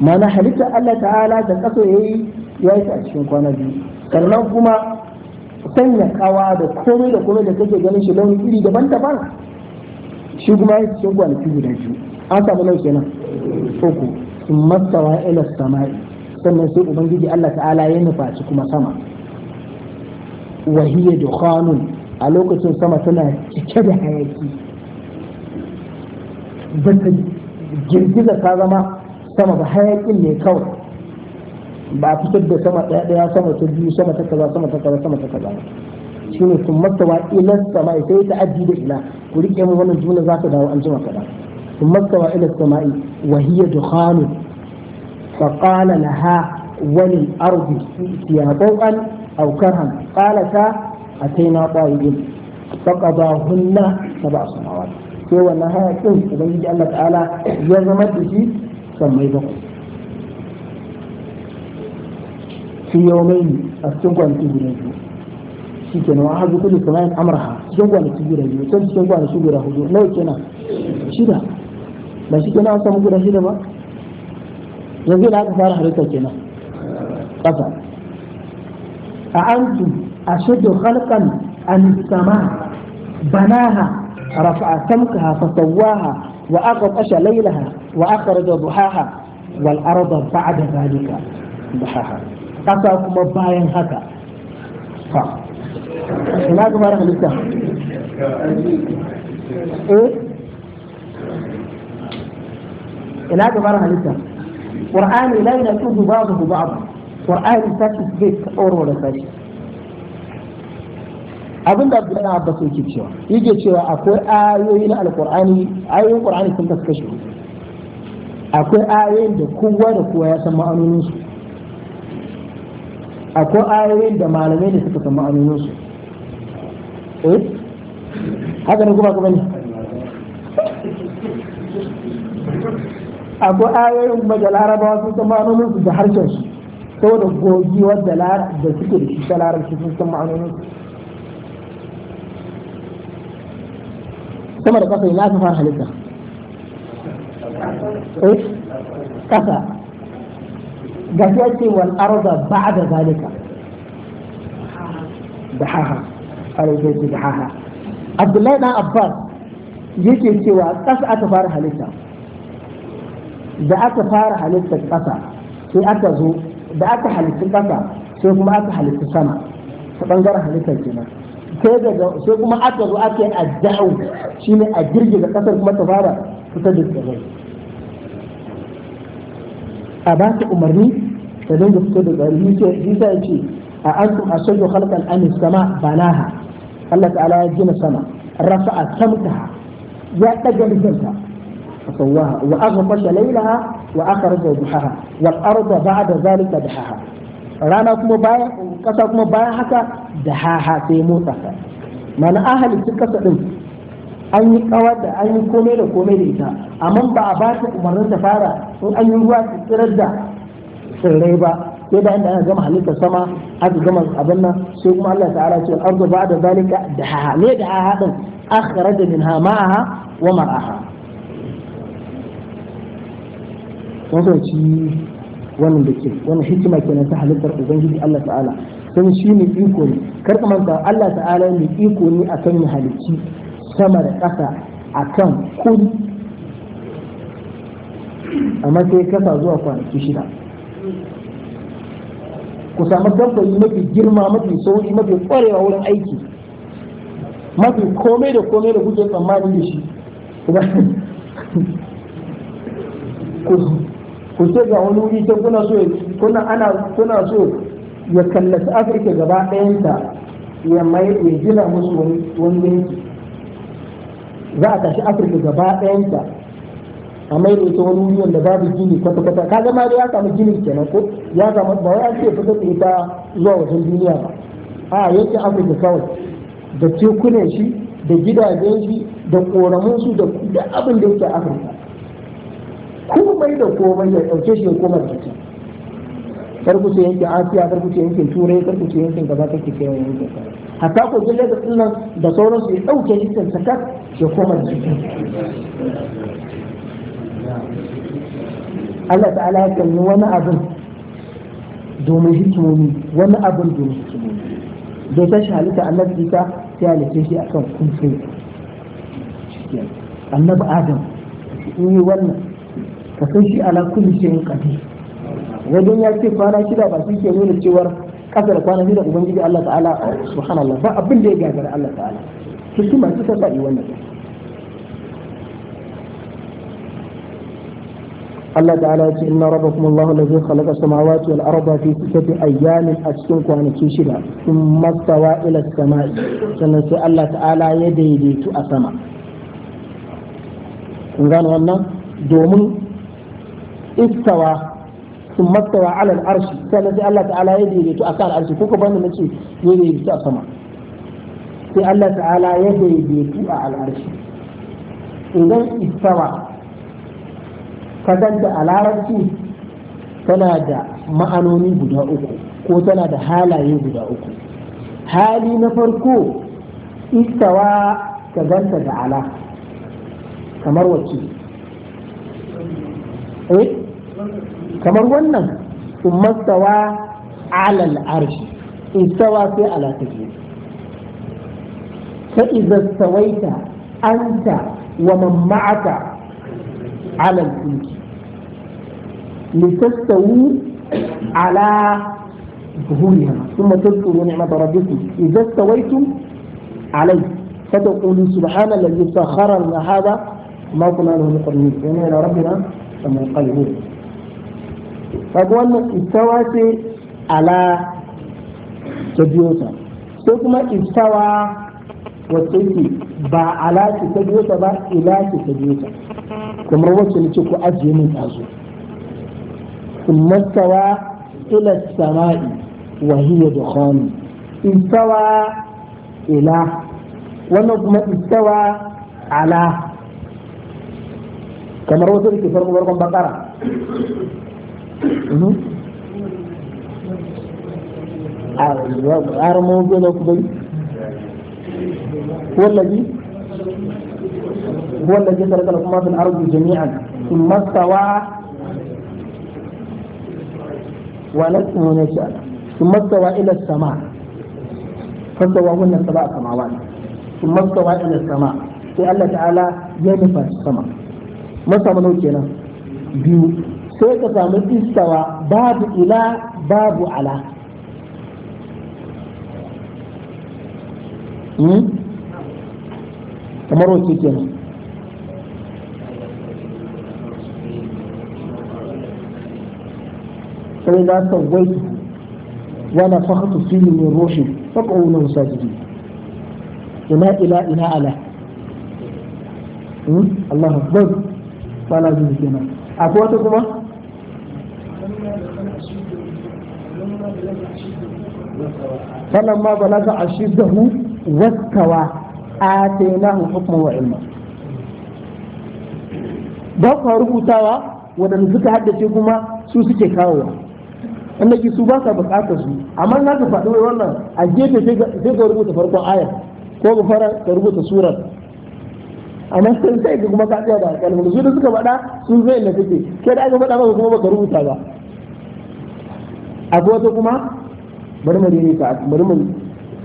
mana halitta Allah ta'ala da kaso yayi ya yi a cikin kwana biyu sannan kuma sanya kawa da komai da komai da kake ganin shi launi iri daban-daban shi kuma ya cikin kwanaki guda biyu an samu nau kenan uku in mastawa ila sama'i sannan sai ubangiji Allah ta'ala ya nufa shi kuma sama wa hiya dukhanun a lokacin sama tana cike da hayaki ba ta girgiza ta zama sama ba hayakin ne kawai ba fitar da sama ɗaya ɗaya sama ta biyu sama ta kaza sama ta kaza sama ta kaza shine sun ila sama'i sai ta addi da ila ku rike mu wannan jumla za ta dawo an jima kada sun ila sama'i wa hiya dukhanu fa qala laha wa lil ardi ya tawqan aw karham karhan qalata ataina ta'ibin faqadahunna sab'a samawat sai wannan hayakin ubangiji Allah ta'ala ya zama da shi sammai bakwai في يومين أستنقع أن تجي shi kenan wa hazu kullu samain amraha cikin gwani su guda biyu can cikin gwani su guda hudu nawa kenan shida ba shi kenan an samu guda shida ba yanzu yana aka fara halitta kenan ƙasa a an a ashaddu khalqan an sama banaha رفع سمكها فسواها وأغطش ليلها وأخرج ضحاها zalika بعد ذلك ضحاها قصا كما باين هكا ina ga gabar halitta eh ina ga fara halitta qur'ani la yanqudu ba'dahu ba'd qur'ani sashi zai tsoro da sashi abin da abdullahi abbas yake cewa yake cewa akwai ayoyi na alqur'ani ayoyin qur'ani sun kaskashe. akwai ayoyin da kowa da kowa ya san ma'anoninsu akwai ayoyin da malamai ne suka samu ayoyin su eh haka ne kuma kuma ne akwai ayoyin kuma da larabawa sun san ma'anonin su da harshen su saboda gogewar da da suke da shi ta larabci sun san ma'anonin su sama da kasa ina aka fara halitta eh kasa ga shi ake wal arda ba'da zalika dahaha alaihi dahaha abdullahi dan abbas yake cewa ƙasa aka fara halitta da aka fara halitta ƙasa sai aka zo da aka halitta ƙasa sai kuma aka halitta sama ta bangaren halittar kenan sai daga sai kuma aka zo aka yi adda'u shine a girgiza ƙasar kuma ta fara fitar da tsirrai a ba ta umarni ta dinga fito da tsari shi sa yace a antum ashaddu khalqan am sama banaha Allah ta'ala ya gina sama rafa'a samtaha ya daga mijinta fasawaha wa aghfaqa laylaha wa akhraja duhaha wal arda ba'da zalika duhaha rana kuma bayan kasa kuma bayan haka da haha sai motsa mana ahalin kasa din an yi kawar da an yi komai da komai da ita amma ba a ba ta umarnin ta fara in an yi ruwa ta tsirar da tsirrai ba sai da inda gama halitta sama aka gama abin nan sai kuma Allah ta'ala ce ardu ba'da zalika da ha ne da ha din akhraja minha ma'aha wa mar'aha wannan da ke wannan hikima kenan ta halittar ubangiji Allah ta'ala sun shi ne iko ne kar ka manta Allah ta'ala ne iko ne akan sama da ƙasa a kan kudi amma sai kasa zuwa kwanaki shida ku samu dabbayi mafi girma mafi sauri mafi kwarewa wurin aiki mafi komai da komai da kuke tsammani da shi ku ce ga wani wuri ta kuna so kuna ana kuna so ya kallaci afirka gaba ɗayanta ya mai ya gina musu wani yanki za a tashi afirka gaba ɗayanta a mai da ita wani wuri da babu gini kwata-kwata ka zama da ya samu gini kenan ko ya samu ba wai an ce fitar da ita zuwa wajen duniya ba a yake afirka kawai da tekunan shi da gidajen shi da koramun su da abin da yake afirka komai da komai ya ɗauke shi ya koma jiki karku ce yankin asiya karku ce yankin turai karku ce yankin gaba kake kai yankin kaza hatta ko gilla da sunan da sauransu ya dauke litan sakat ya koma da cikin Allah ta'ala ya kalli wani abin domin hikimomi wani abin domin hikimomi da ta shalita Allah annabi isa ta halitta shi akan kunfin annabi adam in yi wannan ka san shi ala kulli shay'in qadir wajen ya ce kwana shida ba shi ke nuna cewar kasa da kwana biyu da ubangiji Allah ta'ala subhanallah ba abin da ya gagara Allah ta'ala hikima masu ta faɗi wannan Allah ta'ala ya ce inna rabbakum Allahu allazi khalaqa samawati wal arda fi sittati ayyamin a cikin kwanaki shida sun mastawa ila samai sannan sai Allah ta'ala ya daidaitu a sama kun gane wannan domin istawa sun mastawa alal arshi na sai Allah ta'ala ya daidaito a kan arshi kuka bani na ce ya daidaito a sama sai Allah ta'ala ya daidaitu a al'arshi idan istawa ka ganta a larabci tana da ma'anoni guda uku ko tana da halaye guda uku hali na farko istawa ka ganta da ala kamar wacce eh? kamar wannan umastawa alal arshi istawa sai ala take fa idza stawaita anta wa man ma'aka ala al-fulki litastawu ala ظهورها ثم تذكروا نعمة ربكم إذا استويتم عليه فتقولوا سبحان الذي سخر لنا هذا ما كنا له مقرنين إنا إلى ربنا لمنقلبون kaga wannan istawa ce ala ta biyo ta sai kuma istawa wacce ce ba ala ce ta biyo ta ba ila ce ta biyo ta kamar wacce ne ce ku ajiye min tazo istawa ila sama'i wa hiya dukhani istawa ila wannan kuma istawa ala kamar wasu da ke farko farkon bakara ara ma wajen ku bari wallazi wallazi sarkar kuma fil ardi jami'an ثم استوى ولكم ونشأ ثم استوى إلى السماء فاستواهن السبع سماوات ثم استوى إلى السماء في الله تعالى ينفى السماء ما سمى نوكينا بيو sai ka samu istawa babu ila babu ala hmm? kamar wace kenan فإذا سويته ونفخت فيه من روحي فقعوا له ساجدين وما إلى إلى على الله أكبر فلا يمكن أقوى كما فلما بلغ أشده واستوى آتيناه حكما وعلما ba rubutawa waɗanda suka haddace kuma su suke kawowa annaki su ba sa bukata su amma na ka faɗi wannan a gefe sai ka rubuta farkon ayar ko ka fara ka rubuta surar amma sai sai ka kuma ka tsaya da alƙalmi su da suka faɗa sun zai na take kai da aka faɗa maka kuma baka rubuta ba akwai wata kuma bari mu ne ka bari mu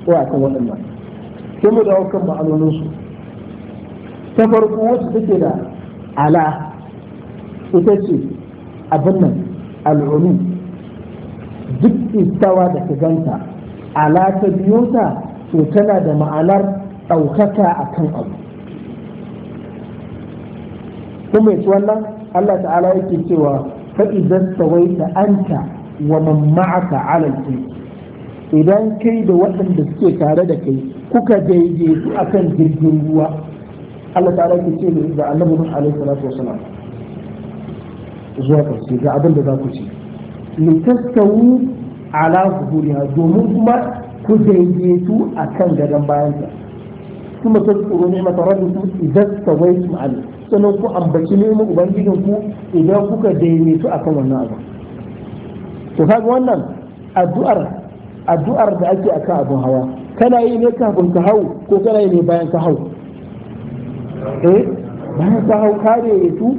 tsaya kan waɗannan sai mu dawo kan ma'anonin su ta farko wacce take da ala ita ce abin nan al'ulu duk istawa da kiganta ala ta biyo ta to tana da ma'anar ɗaukaka a kan abu kuma yace wannan Allah ta'ala yake cewa fa idan sawaita anta wa man ma'aka ala idan kai da waɗanda suke tare da kai kuka daidaitu akan jirgin ruwa Allah ta'ala ke ce da annabi Nuh alaihi salatu wasalam zuwa ƙarshe ga abin da za ku ce litastawu ala zuhuriha domin kuma ku daidaitu akan gadon bayanta kuma tadkuru ni'mat rabbikum idza su alayhi sannan ku ambaci neman ubangijin ku idan kuka daidaitu akan wannan abu to kaga wannan addu'ar addu'ar da ake a akan abin hawa kana yi ne kafin ka hau ko kana yi ne bayan ka hau eh bayan ka hau kare yato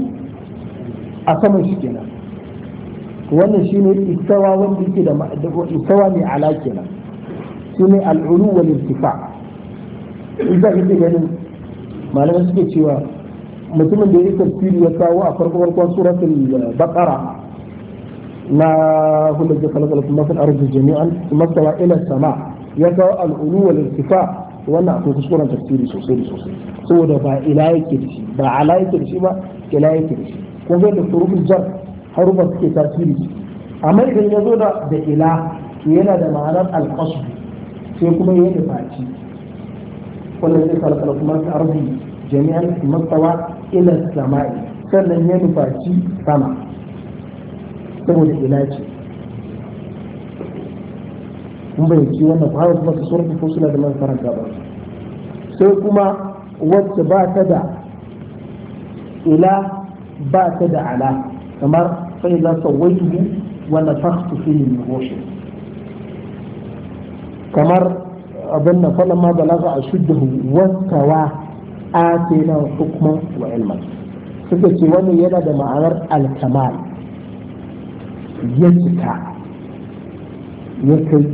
a saman shi kenan wannan shine istawa wanda yake da istawa ne ala kenan shine al'ulu wal irtifa in za ka ce ganin malamai suke cewa mutumin da ya yi tafsiri ya kawo a farko farkon suratul eh, baqara ما هو الذي خلق لكم ما في الأرض جميعا ثم استوى إلى السماء يدعو العلو والارتفاع wannan akwai kuskuren tafsiri sosai sosai saboda ba ila yake shi ba ala yake da shi ba ila yake da shi kun ga da turufin jar harufa suke tasiri amma idan ya zo da da ila yana da ma'anar alqasd sai kuma ya da faci wannan ta jami'an sannan ya nufaci sama saboda ila ce, in bai ci wannan fara kuma su surfi ko suna da man faranta ba sai kuma wacce ba ta da ila ba ta da ala kamar sai za su waihu wanda fakhtu fi min ruhi kamar abin na falan ma za a shuddahu wattawa atina hukumar wa ilman suka ce wani yana da ma'anar alkamal ya cika ya kai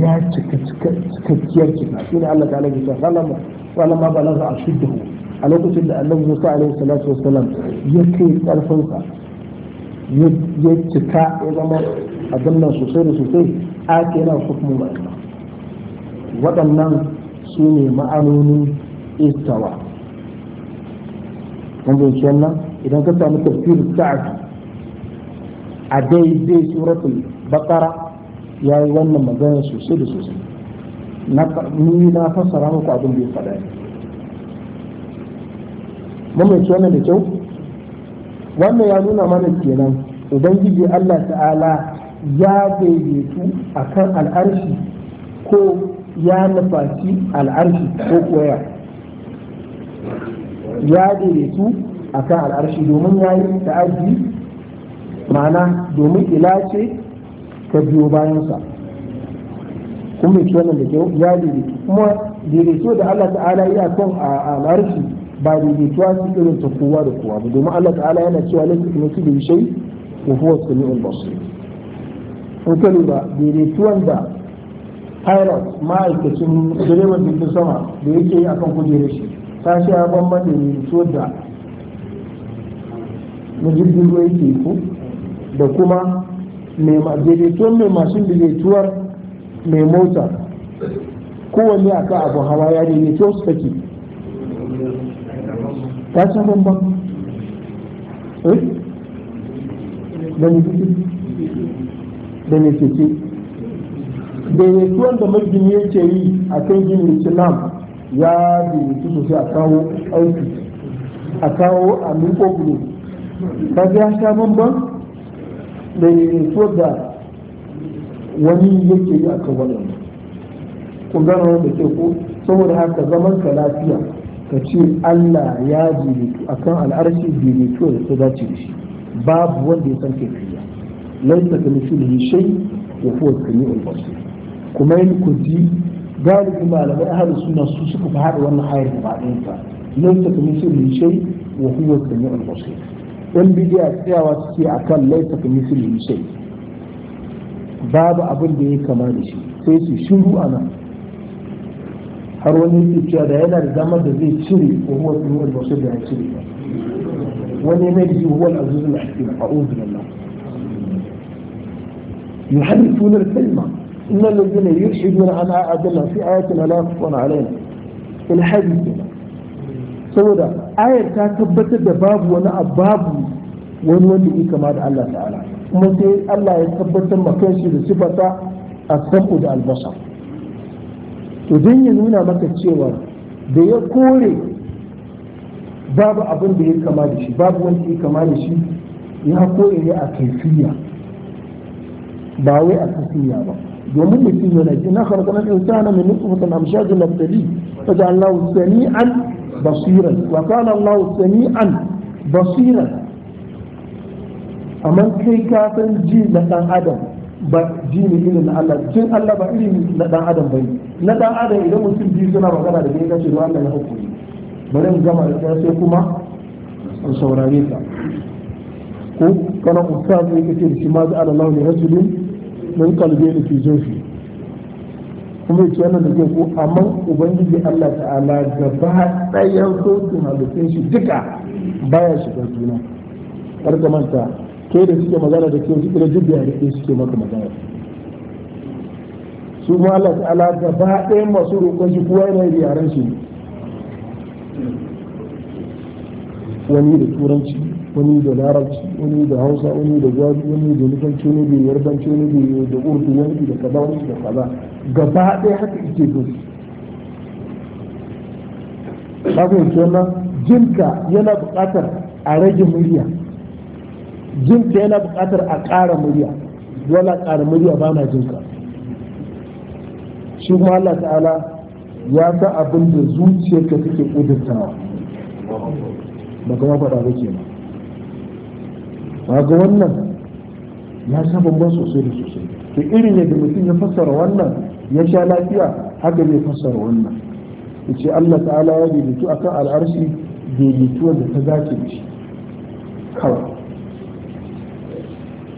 ya cika cikakkiyar cika shi ne Allah ta'ala ya ce salama salama balaga ashuddahu a lokacin da annabi Musa alaihi salatu wasalam ya kai karfin sa ya cika ya zama abin nan sosai da sosai ake yana hukumu ma'ana waɗannan su ne ma'anonin istawa kun zai idan ka samu tafsir sa'ad a daidai suratul bakara ya yi wannan magana sosai da sosai ni na fassara muku abin da ya faɗa ne mun mai wannan da kyau wannan ya nuna mana kenan ubangiji Allah ta'ala ya daidaitu akan al'arshi ko ya nufaci al'arshi ko koya ya daidaitu akan al'arshi domin ya yi aji. ma'ana domin ila ce ka biyo bayansa kun bai wannan da kyau ya daidaitu, kuma daidaito da Allah ta'ala ya kan a al'arshi ba daidaituwa su irin ta kowa da kowa ba domin Allah ta'ala yana cewa laifin kuma su da shai ko huwa su ne in ka lura daidaituwan da pilot ma'aikacin direban jirgin sama da yake yi akan kujerar shi ta sha bambam da daidaituwar da na jirgin ruwa yake ko da kuma daidaituwar mai mashin daidaituwar mai mota kowanne a kan abin hawa ya daidaito su take ta san bambam eh? da ne kike da ne kike daidaituwar da magini ce yi a kan gini islam ya daidaitu sosai a kawo aiki a kawo a miƙo ta ya sha bambam daidaituwar da wani yake yi a kan wannan ku gano wanda ke ko saboda haka zaman ka lafiya ka ce Allah ya jiritu akan al'arshi jiritu da ta dace da shi babu wanda ya san ke fiya laisa ka shai shay wa huwa samiul basir kuma yin kuji galibi malamai ahli suna su suka fi haɗa wannan ayar da ba ɗayan ta laisa ka shai shay wa huwa samiul basir yan bidiya tsayawa suke a kan laisa ka misali shai babu abin da ya kama da shi sai su shiru a nan har wani yake cewa da yana da damar da zai cire ko huwa tsohuwar basu da ya cire wani ya mai da shi huwa al'azuzul hakim a uzulallah يحرفون الكلمة إن الذين يلحدون عن أعدنا في آياتنا لا يخفون علينا الحديث saboda ayar ta tabbatar da babu wani babu wani wanda ya kama da Allah ta'ala kuma sai Allah ya tabbatar ma kanshi da sifata as-sam'u da albasa to dan ya nuna maka cewa da ya kore babu abin da ya kama da shi babu wanda ya kama da shi ya kore ne a kaifiya ba wai a kaifiya ba domin mutum yana ji na harkar insana min nutfatin amshajin nabtali fa ja'alnahu sami'an بصيرا وكان الله سميعا بصيرا أمن كي كاتن جي لدان آدم ba ji ne na Allah jin Allah ba irin na dan adam bane na dan adam idan mutum biyu suna magana da kai kace don Allah ya hukumi bari mu gama da sai kuma in saurare ka ko kana ustaz ne kace shi ma za Allah ne rasulun min qalbi kuma ya ce wannan da ke ko amma ubangiji Allah ta'ala gaba ɗayan sautin halittun shi duka baya shiga juna har ka manta kai da suke magana da ke suke da jibbiya da ke suke maka magana su ma Allah ta'ala gaba ɗayan masu roƙon shi kuwa yana da yaran shi wani da turanci wani da larabci wani da hausa wani da gwaji wani da nufanci wani da yarbanci wani da urdu wani da kaza wani da kaza gaba ɗaya haka ike doki kafin wannan jinka yana buƙatar a rage murya jinka yana buƙatar a ƙara murya wala ƙara murya ba na jinka shi kuma Allah ta'ala ya sa abin da ka take ƙudurtawa ba kuma faɗa ba ke ba ga wannan ya saba bambam sosai da sosai to irin yadda mutum ya fassara wannan ya sha lafiya haka zai fassara wannan yace Allah ta'ala ya daidaitu kan al'arshi daidaituwar da ta dace da shi kawai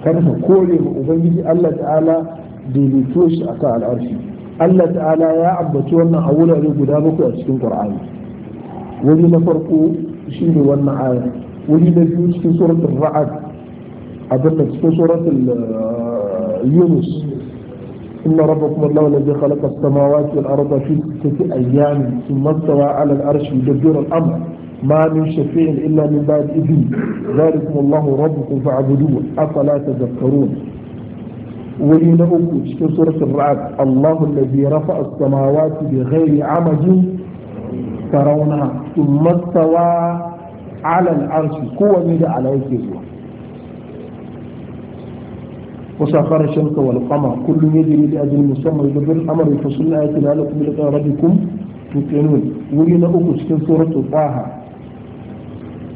kada ka kore ma ubangiji Allah ta'ala daidaituwar shi kan al'arshi Allah ta'ala ya ambaci wannan a wurare guda bakwai a cikin Qur'ani wani na farko shi ne wannan aya wani na biyu cikin suratul ra'ad abin da cikin suratul eh, yunus إن ربكم الله الذي خلق السماوات والأرض في ستة أيام ثم استوى على العرش يدبر الأمر ما من شفيع إلا من بعد إذن ذلكم الله ربكم فاعبدوه أفلا تذكرون ولين أكو في سورة الرعد الله الذي رفع السماوات بغير عمد ترونها ثم استوى على العرش قوة على الله وسخر الشمس والقمر كل يجري لأجل مسمى يدبر الأمر يفصل الآيات لعلكم بلقاء ربكم توقنون ولنا أكو سكن سورة طه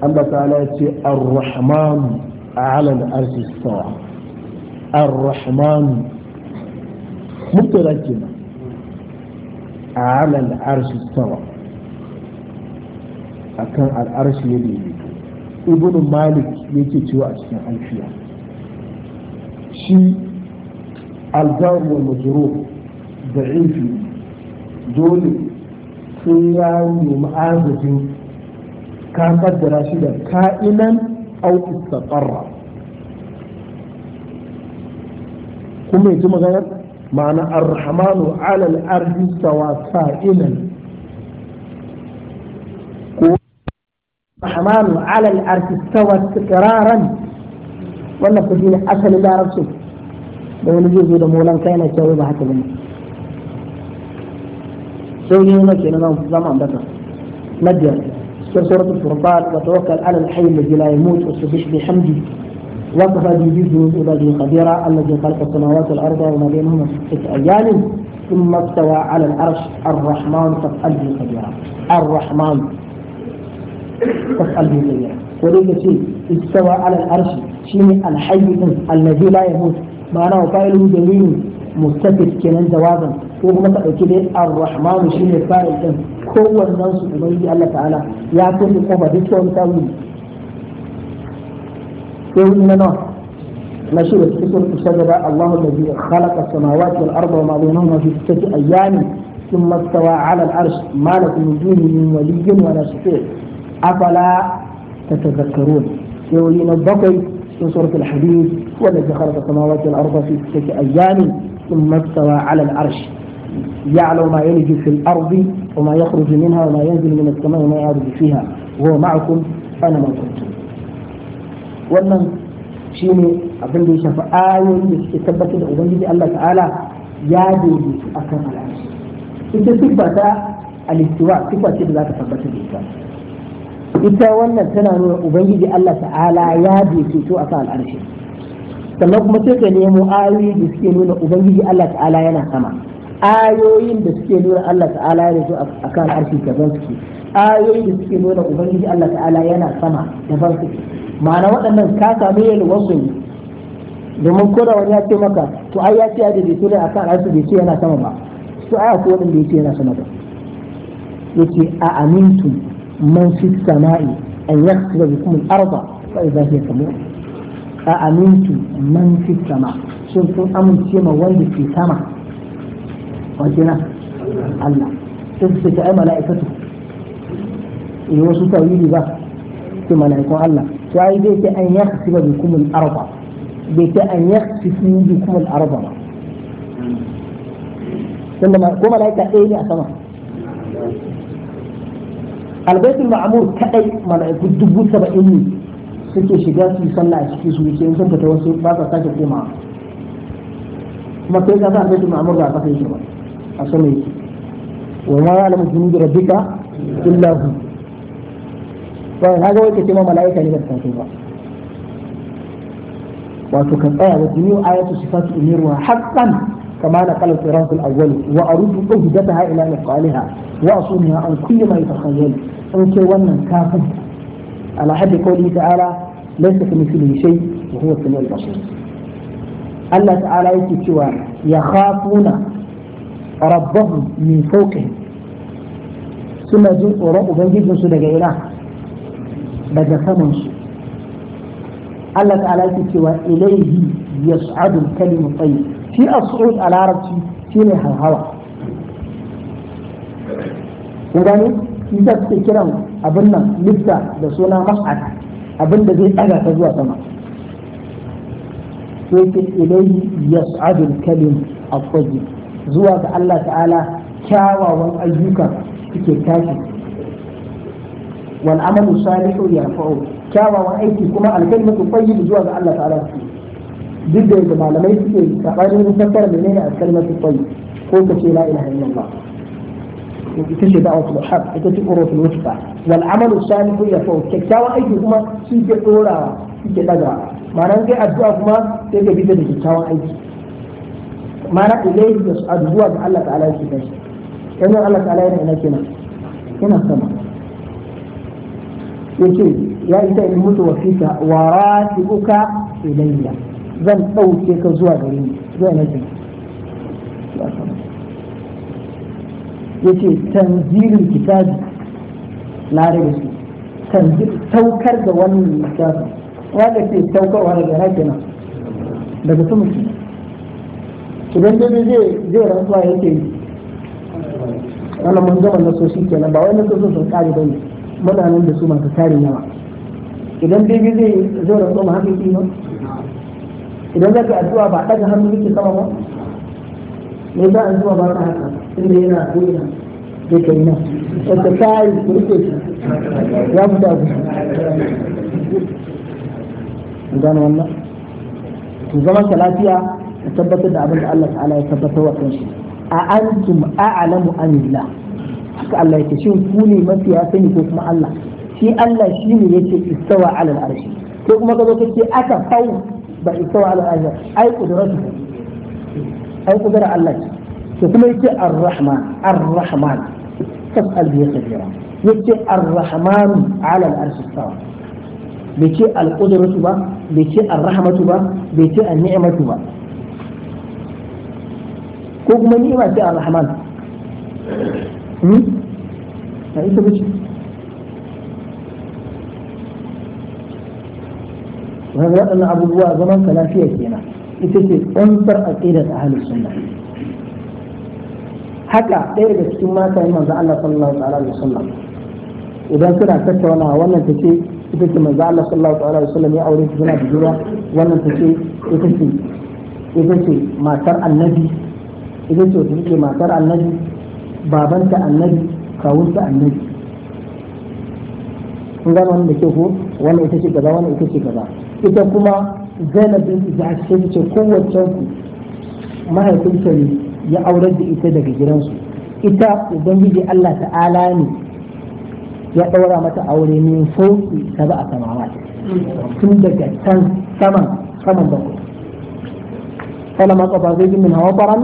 الله تعالى يتي الرحمن على الأرض استوى الرحمن مبتدا كنا على العرش استوى أكان العرش يدي ابن مالك يجي توا أشياء الفيها شيء الجار والمجرور ضعيف دول سيان معاذ كان قد راشدا كائنا او استقر كم يتم غير معنى الرحمن على الارض سوى كائنا الرحمن على الارض استوى استقرارا wannan ku shine asalin larabci da wani zai zo da molan kai na cewa ba haka bane sai ne na kenan zan zama ambata na biyar cikin suratul furqan wa tawakkal ala al-hayy alladhi la yamut wa subih bihamdi wa kafa bi dhunub ibadihi qadira alladhi khalaqa as-samawati wal arda wa ma bainahuma fi sittati ayamin ثم استوى على العرش الرحمن فاسأله خبيرا الرحمن فاسأله خبيرا ولن يتي استوى على الأرش شيني الحي الذي لا يموت معناه فاعله دليل مستفد كنان جوابا وهم تأكيد الرحمن شيني فاعل كان هو الناس أبيه الله تعالى يا كل قوة بسوى متاويل يقول لنا نشير الكسر الشجرة الله الذي خلق السماوات والأرض وما بينهما في ستة أيام ثم استوى على الأرش ما لكم من دونه من ولي ولا شفيع أفلا تتذكرون يولين البطل في سورة الحديد والذي خلق السماوات والأرض في ستة أيام ثم استوى على العرش يعلم ما يلج في الأرض وما يخرج منها وما ينزل من السماء وما يعرج فيها وهو معكم أنا ما كنتم wannan shi ne abin da ya shafi ayoyin da suke tabbatar da ubangiji Allah ta'ala ya الاستواء akan al'arshi ita siffa ta alistiwa siffa ce da za ta tabbatar da ita ita wannan tana nuna ubangiji Allah ta'ala ya bi ceto kan al'arshi sannan kuma sai ka nemo ayoyi da suke nuna ubangiji Allah ta'ala yana sama ayoyin da suke nuna Allah ta'ala yana so kan al'arshi daban suke ayoyin da suke nuna ubangiji Allah ta'ala yana sama daban suke ma'ana waɗannan ka samu yalwar su ne domin ko da wani ya ce maka to ai ya ce ya da bai so ne akan al'arshi bai ce yana sama ba to ai akwai da ya ce yana sama ba yake a amintu. من في السماء أن يخسف بكم الأرض فإذا هي تمور أأمنتم من في السماء شوفوا أمن سيما وين في السماء وجنا الله شوفوا كأي ملائكته إيه وشو تأويلي بقى في ملائكة الله فأي بيت أن يخسف بكم الأرض بيت أن يخسف بكم الأرض ثم كما ملائكة إيه أسمع البيت المعمور كأي من قد بوت سبع إني سكي شجاس يصلى شكي سويكي إنسان بتوسط بعض أتاك الجمعة ما كيف هذا البيت المعمور ده أتاك الجمعة أصلي وما يعلم جنود ربك إلا هو فهذا هو كتيمة ملائكة لما تتنفيه واتو كان آية وجميع آية صفات أميرها حقا كما نقل في الأول وأرد أهدتها إلى مقالها واصوم أو كل ما يتخيل انت وانا كافر على حد قوله تعالى ليس كمثله شيء وهو السميع البصير الله تعالى يكتب يخافون ربهم من فوقهم ثم يجيء ربهم بنجيب نسو دقا إله بدا الله تعالى يكتب إليه يصعد الكلم الطيب في الصعود على عربتي في الهواء kun gani shi ta suke kiran abin nan lifta da suna mas'ad abin da zai ɗaga ta zuwa sama sai ke ilai yas'adul kalim at zuwa ga Allah ta'ala kyawawan ayyuka suke tashi wal amalu salihu yarfa'u kyawawan aiki kuma al-kalimatu tayyib zuwa ga Allah ta'ala duk da malamai suke sabanin fassara menene al-kalimatu tayyib ko kace la ilaha illallah ita ce da'awatul haq ita ce urufin wutufa wal amalu salihu ya fa'u kyakkyawan aiki kuma shi ke dorawa shi ke daga ma'ana kai addu'a kuma sai ka bita da kyakkyawan aiki ma'ana ilayhi da su addu'a ga Allah ta'ala yake kai yanzu Allah ta'ala yana ina kenan yana sama yace ya ita in mutu wa fika wa rafi'uka ilayya zan dauke ka zuwa gare ni zuwa nake yace tanzilul kitabi na da su tanzil saukar da wannan littafi wanda ke saukarwa daga na kenan daga su mutum idan dai zai zai rantsuwa yake yi wannan mun gama shi kenan ba wai nasosin sun kare ba ne muna nan da su masu kare yawa idan dai zai zai rantsuwa ma haka yi ba idan zaka addu'a ba ɗaga hannu yake sama ba me za a zuwa ba haka inda yana duniya da kai wata ta yi kurke shi ya fita abu an gano wannan to zama ka lafiya ka tabbatar da abin da Allah ta'ala ya tabbatar wa kanshi a antum a'lamu anillah haka Allah yake shin ku ne ya sani ko kuma Allah shi Allah shi ne yake istawa ala al-arshi ko kuma ka zo kake aka fau ba istawa ala al-arshi ai kudratu ai kudrar Allah ce وكما يجي الرحمن الرحمن تسأل به كثيرا يجي الرحمن على الأرش استوى بيجي القدرة با بيجي الرحمة با بيجي النعمة با كوكما نعمة جاء الرحمن هم؟ فإنت بيجي وهذا أن عبد الله زمان كان فيه كينا إذا كنت أنتر أقيدة أهل السنة haka ɗaya daga cikin matayen manzo Allah sallallahu alaihi wasallam idan suna tattauna wannan ta ce ita ce manzo Allah sallallahu alaihi wasallam ya aure ta suna bijira wannan ta ce ita ce ita ce matar annabi ita ce ta ce matar annabi babanta annabi kawunta annabi kun gano wannan da ke ko wannan ita ce gaba wannan ita ce gaba ita kuma zainab bin jahash ce kowace ku mahaifinta ne ya aurar da ita daga gidansu ita ubangiji Allah ta'ala ne ya ɗaura mata aure ne fauki ta ba a samawa tun daga saman saman da kuma kala ma kafa zai min hawa faran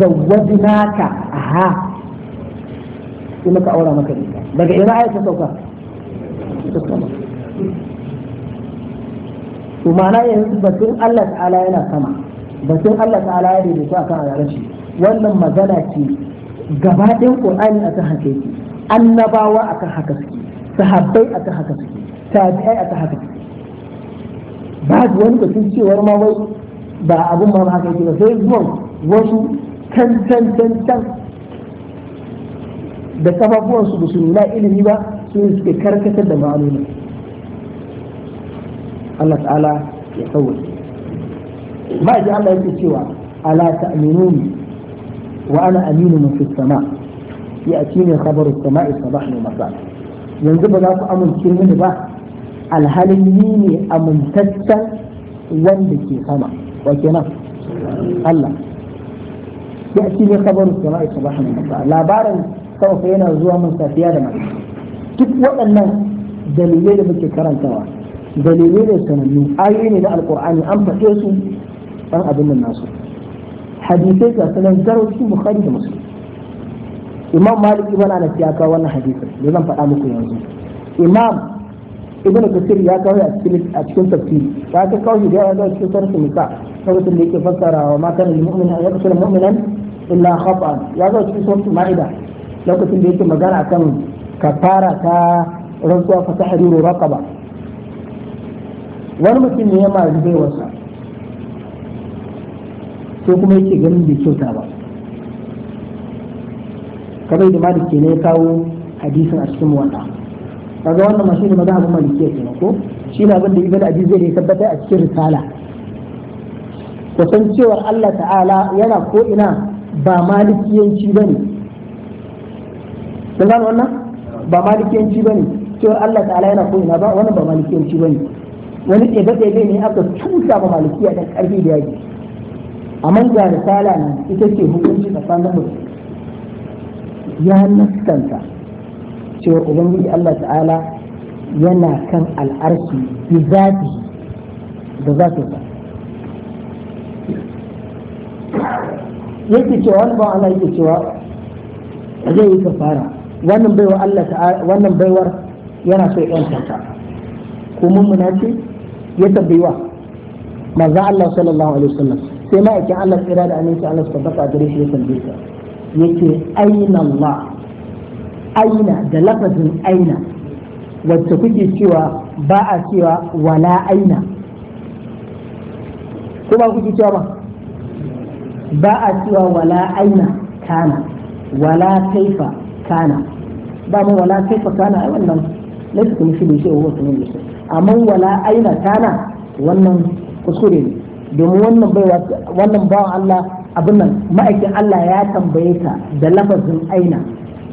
zawwaji aha sai muka aura maka ne daga ina aya ta sauka to ma'ana batun Allah ta'ala yana sama batun Allah ta'ala ya daidaita akan a yaran shi wannan magana ce gaba ɗayan qur'ani akan haka yake annabawa akan haka suke sahabbai akan haka suke tabi'ai akan haka suke babu wani batun cewar ma wai ba abun ma haka yake ba sai zuwan wasu can can can can da kafafuwansu ba su nuna ilimi ba su suke karkatar da ma'anoni Allah ta'ala ya tsawo ma ji Allah yake cewa ala ta'minuni wa ana aminu mun fi sama sai a shine khabaru sama'i sabah ne masa yanzu ba za ku amince mini ba alhalin ni ne amintaccen wanda ke sama wa kenan Allah sai a shine khabaru sama'i sabah ne masa labarin kawai yana zuwa mun safiya da mai duk waɗannan dalilai da muke karantawa dalilai da sanannu ayoyi ne na alkur'ani an faɗe su ɗan abin nan nasu hadisai ga sunan garo cikin bukhari da muslim imam malik ibn anas ya kawo wannan hadisin da zan faɗa muku yanzu imam ibn kasir ya kawo a cikin a cikin tafsiri ya ka kawo da ya kawo cikin sarfi nisa sarfin da yake fassara wa ma kana lil mu'mina ya kasar mu'minan illa khata'an ya kawo cikin sarfi ma'ida lokacin da yake magana akan kafara ta rantsuwa fa tahriru raqaba wani mutum ne ya ma zai wasa sai kuma yake ganin bai kyauta ba kamar da malik ke ne ya kawo hadisin a cikin wata kaga wannan mashi shine maza abin malikiya kenan ko shi ne abin da ibn abi zai ya tabbata a cikin risala kusan cewar Allah ta'ala yana ko ina ba malikiyanci ba ne sun wannan ba malikiyanci ne cewar Allah ta'ala yana ko ina ba wannan ba malikiyanci ne wani ɗaya ɗaya ne aka cusa ba malikiya dan ƙarfi da yaki amma ga risala nan ita ce hukunci da tsakanin mutum ya naskanta cewa ubangiji Allah ta'ala yana kan al'arshi bi zafi da zafi ba yake cewa wani bawan Allah yake cewa zai yi kafara wannan baiwa Allah ta'ala wannan baiwar yana so yan kanta kuma ce ya tabbiwa manzo Allah sallallahu alaihi wasallam sai ma'aikin Allah tsira da aminci Allah su tabbata gare shi ya tambaye ta yake aina Allah aina da lafazin aina wacce kuke cewa ba a cewa wala aina ko ba kuke cewa ba ba a cewa wala aina kana wala kaifa kana ba mu wala kaifa kana ai wannan laifin kuma shi ne shi wa kuma amma wala aina kana wannan kuskure ne domin wannan baiwa wannan bawan Allah abin nan ma'aikin Allah ya tambaye ta da lafazin aina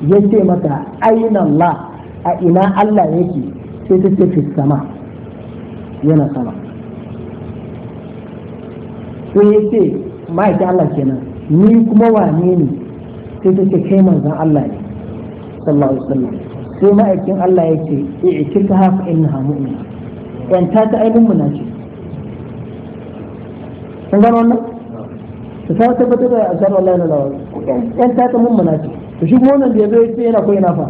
ya ce mata aina Allah a ina Allah yake sai ta ce fi sama yana sama sai ya ce ma'aikin Allah kenan ni kuma wane ne sai ta ce kai manzon Allah ne sallallahu alaihi wasallam sai ma'aikin Allah ya ce i'tika fa innaha mu'mina yanta ta aibin munafi kun gano wannan ta sa tabbatar da ashar wallahi na lalawa. yan ta ta mummuna ce to shi kuma wannan da ya zo yace yana koyi nafa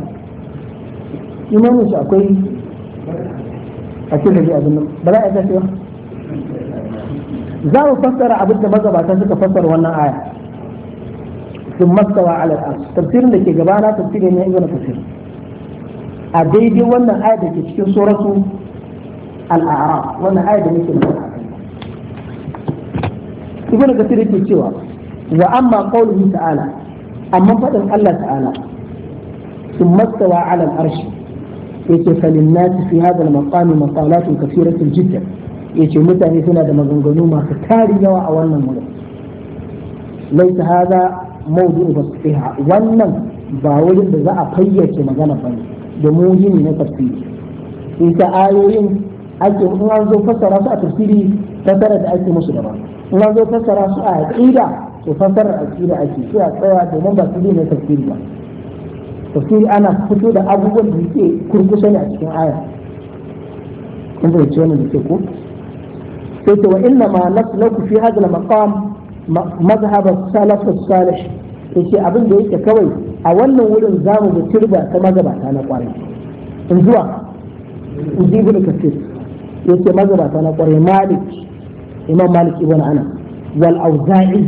imanin shi akwai akwai da abin nan ba za a ga ba? za mu fassara abin da magabata suka fassara wannan aya sun mastawa ala al'ars tafsirin da ke gabana tafsirin ne ibn tafsirin. a daidai wannan aya da ke cikin suratu al wannan aya da muke magana ibnu kasir yake cewa wa amma qawluhu ta'ala amma fadin Allah ta'ala ثم استوى على العرش yake falinnas fi hada al-maqami maqalatun kafiratun jiddan yace mutane suna da maganganu masu tari yawa a wannan wurin laita hada mawdu'u tasfiha wannan ba wurin da za a fayyace magana bane da muhimmi na tafsiri in ta ayoyin ake in an zo fassara su a tafsiri fassara da ake musu daban kuma zo fassara su a aƙida to fassarar a ake sai a tsaya domin ba su ne tafsiri ba tafsiri ana fito da abubuwan da yake kurkusa ne a cikin aya kun ce wannan da ke ko sai ce wa inna ma naslaku fi hadha maqam mazhab as-salaf Salish. salih yace abin da yake kawai a wannan wurin zamu ga turba ta magabata na kwarai in zuwa in ibn kasir yace magabata na kwarai malik إمام مالك ابن أنا والأوزاعي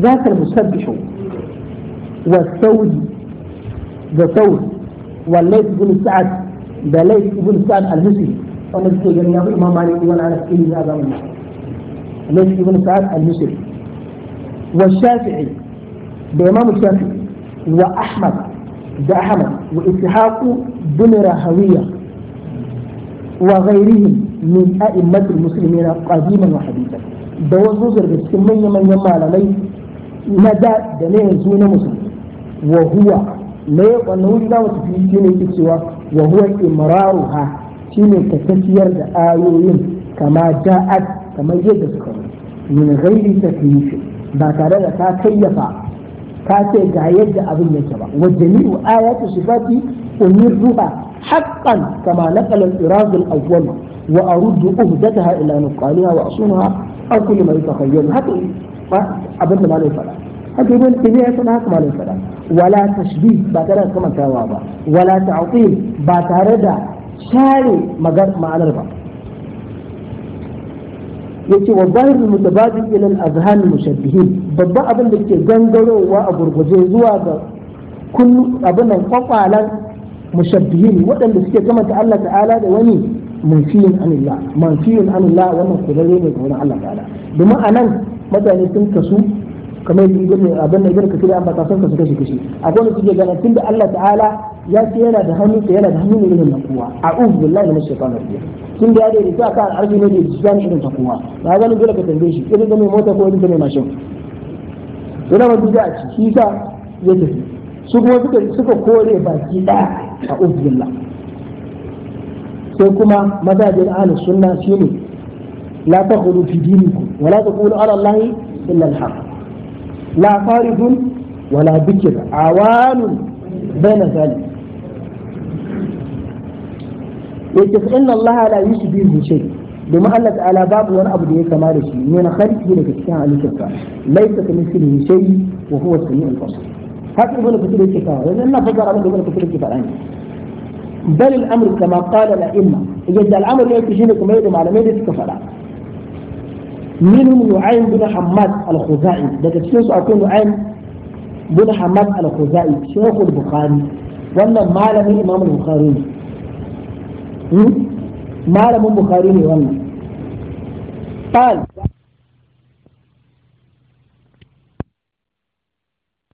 ذاك المسبح والثوري ذا ثور والليث بن سعد ذا ليث بن سعد المسلم أنا أقول أن إمام مالك ابن أنا في هذا الليث بن سعد المسلم والشافعي بإمام الشافعي وأحمد ده أحمد وإسحاق بن راهويه وغيرهم من أئمة المسلمين قديما وحديثا da wasu daga cikin manya-manyan malamai na da da na yanzu na musulmi wa huwa na ya kwanne wuri za mu tafi shi ne yake cewa wa huwa imraruha shine ka tafiyar da ayoyin kama ja'at kamar yadda suka min ghairi takyif ba tare da ka kayyafa ka ce ga yadda abin yake ba wa jami'u ayatu sifati umirruha حقا كما نقل الإراغ الأول وأرد أهدتها إلى نقالها وأصونها أو كل ما يتخيل حتى أبدا ما ليس فلا حتى يقول إذا يسمى ما ليس فلا ولا تشبيه باترى كما تواضع ولا تعطيل باترى شاري مجر مع الربا يتي وظاهر المتبادل إلى الأذهان المشبهين بضع أبدا يتي جنجلوا وأبرغزوا كل أبدا فقالا mushabbihin waɗanda suke kamata Allah ta'ala da wani manfiyun anillah manfiyun anillah wannan kudare ne ga Allah ta'ala domin anan mutane sun kasu kamar yadda ibn abin da ibn kasir an bata san kasu kashi kashi akwai wanda suke ganin tunda Allah ta'ala ya ce yana da hannu ta yana da hannu ne irin na kowa a'udhu billahi minash shaitanir rajim tun da ya daidaita ka al'arfi ne da jisan irin ta kowa ba ganin dole ka tambaye shi irin da mai mota ko irin da mai mashin to na wanda a ci shi sa ya tafi su kuma suka suka kore baki ɗaya a ubillah sai kuma mazajin ahlus sunna shine la taqulu fi dinikum wa la taqulu ala allahi illa al-haq la faridun wa la bikr awanun bayna zalik yake fa inna allaha la yushbihu shay'an domin Allah ta'ala babu wani abu da ya kama da shi ne na kharki daga cikin halittarsa laisa kamithlihi shay wa huwa as-sami'ul basir هذا يقول كتب الكتاب لأن فجر الله يقول الكتاب بل الأمر كما قال الأئمة إذا الأمر يأتي جنك ميد على ميد كفلا منهم نعيم بن حماد الخزاعي لكن تشوف أكون نعيم بن حماد الخزاعي شيخ البخاري وأنا ما لم الإمام البخاري ما لم البخاري وأنا قال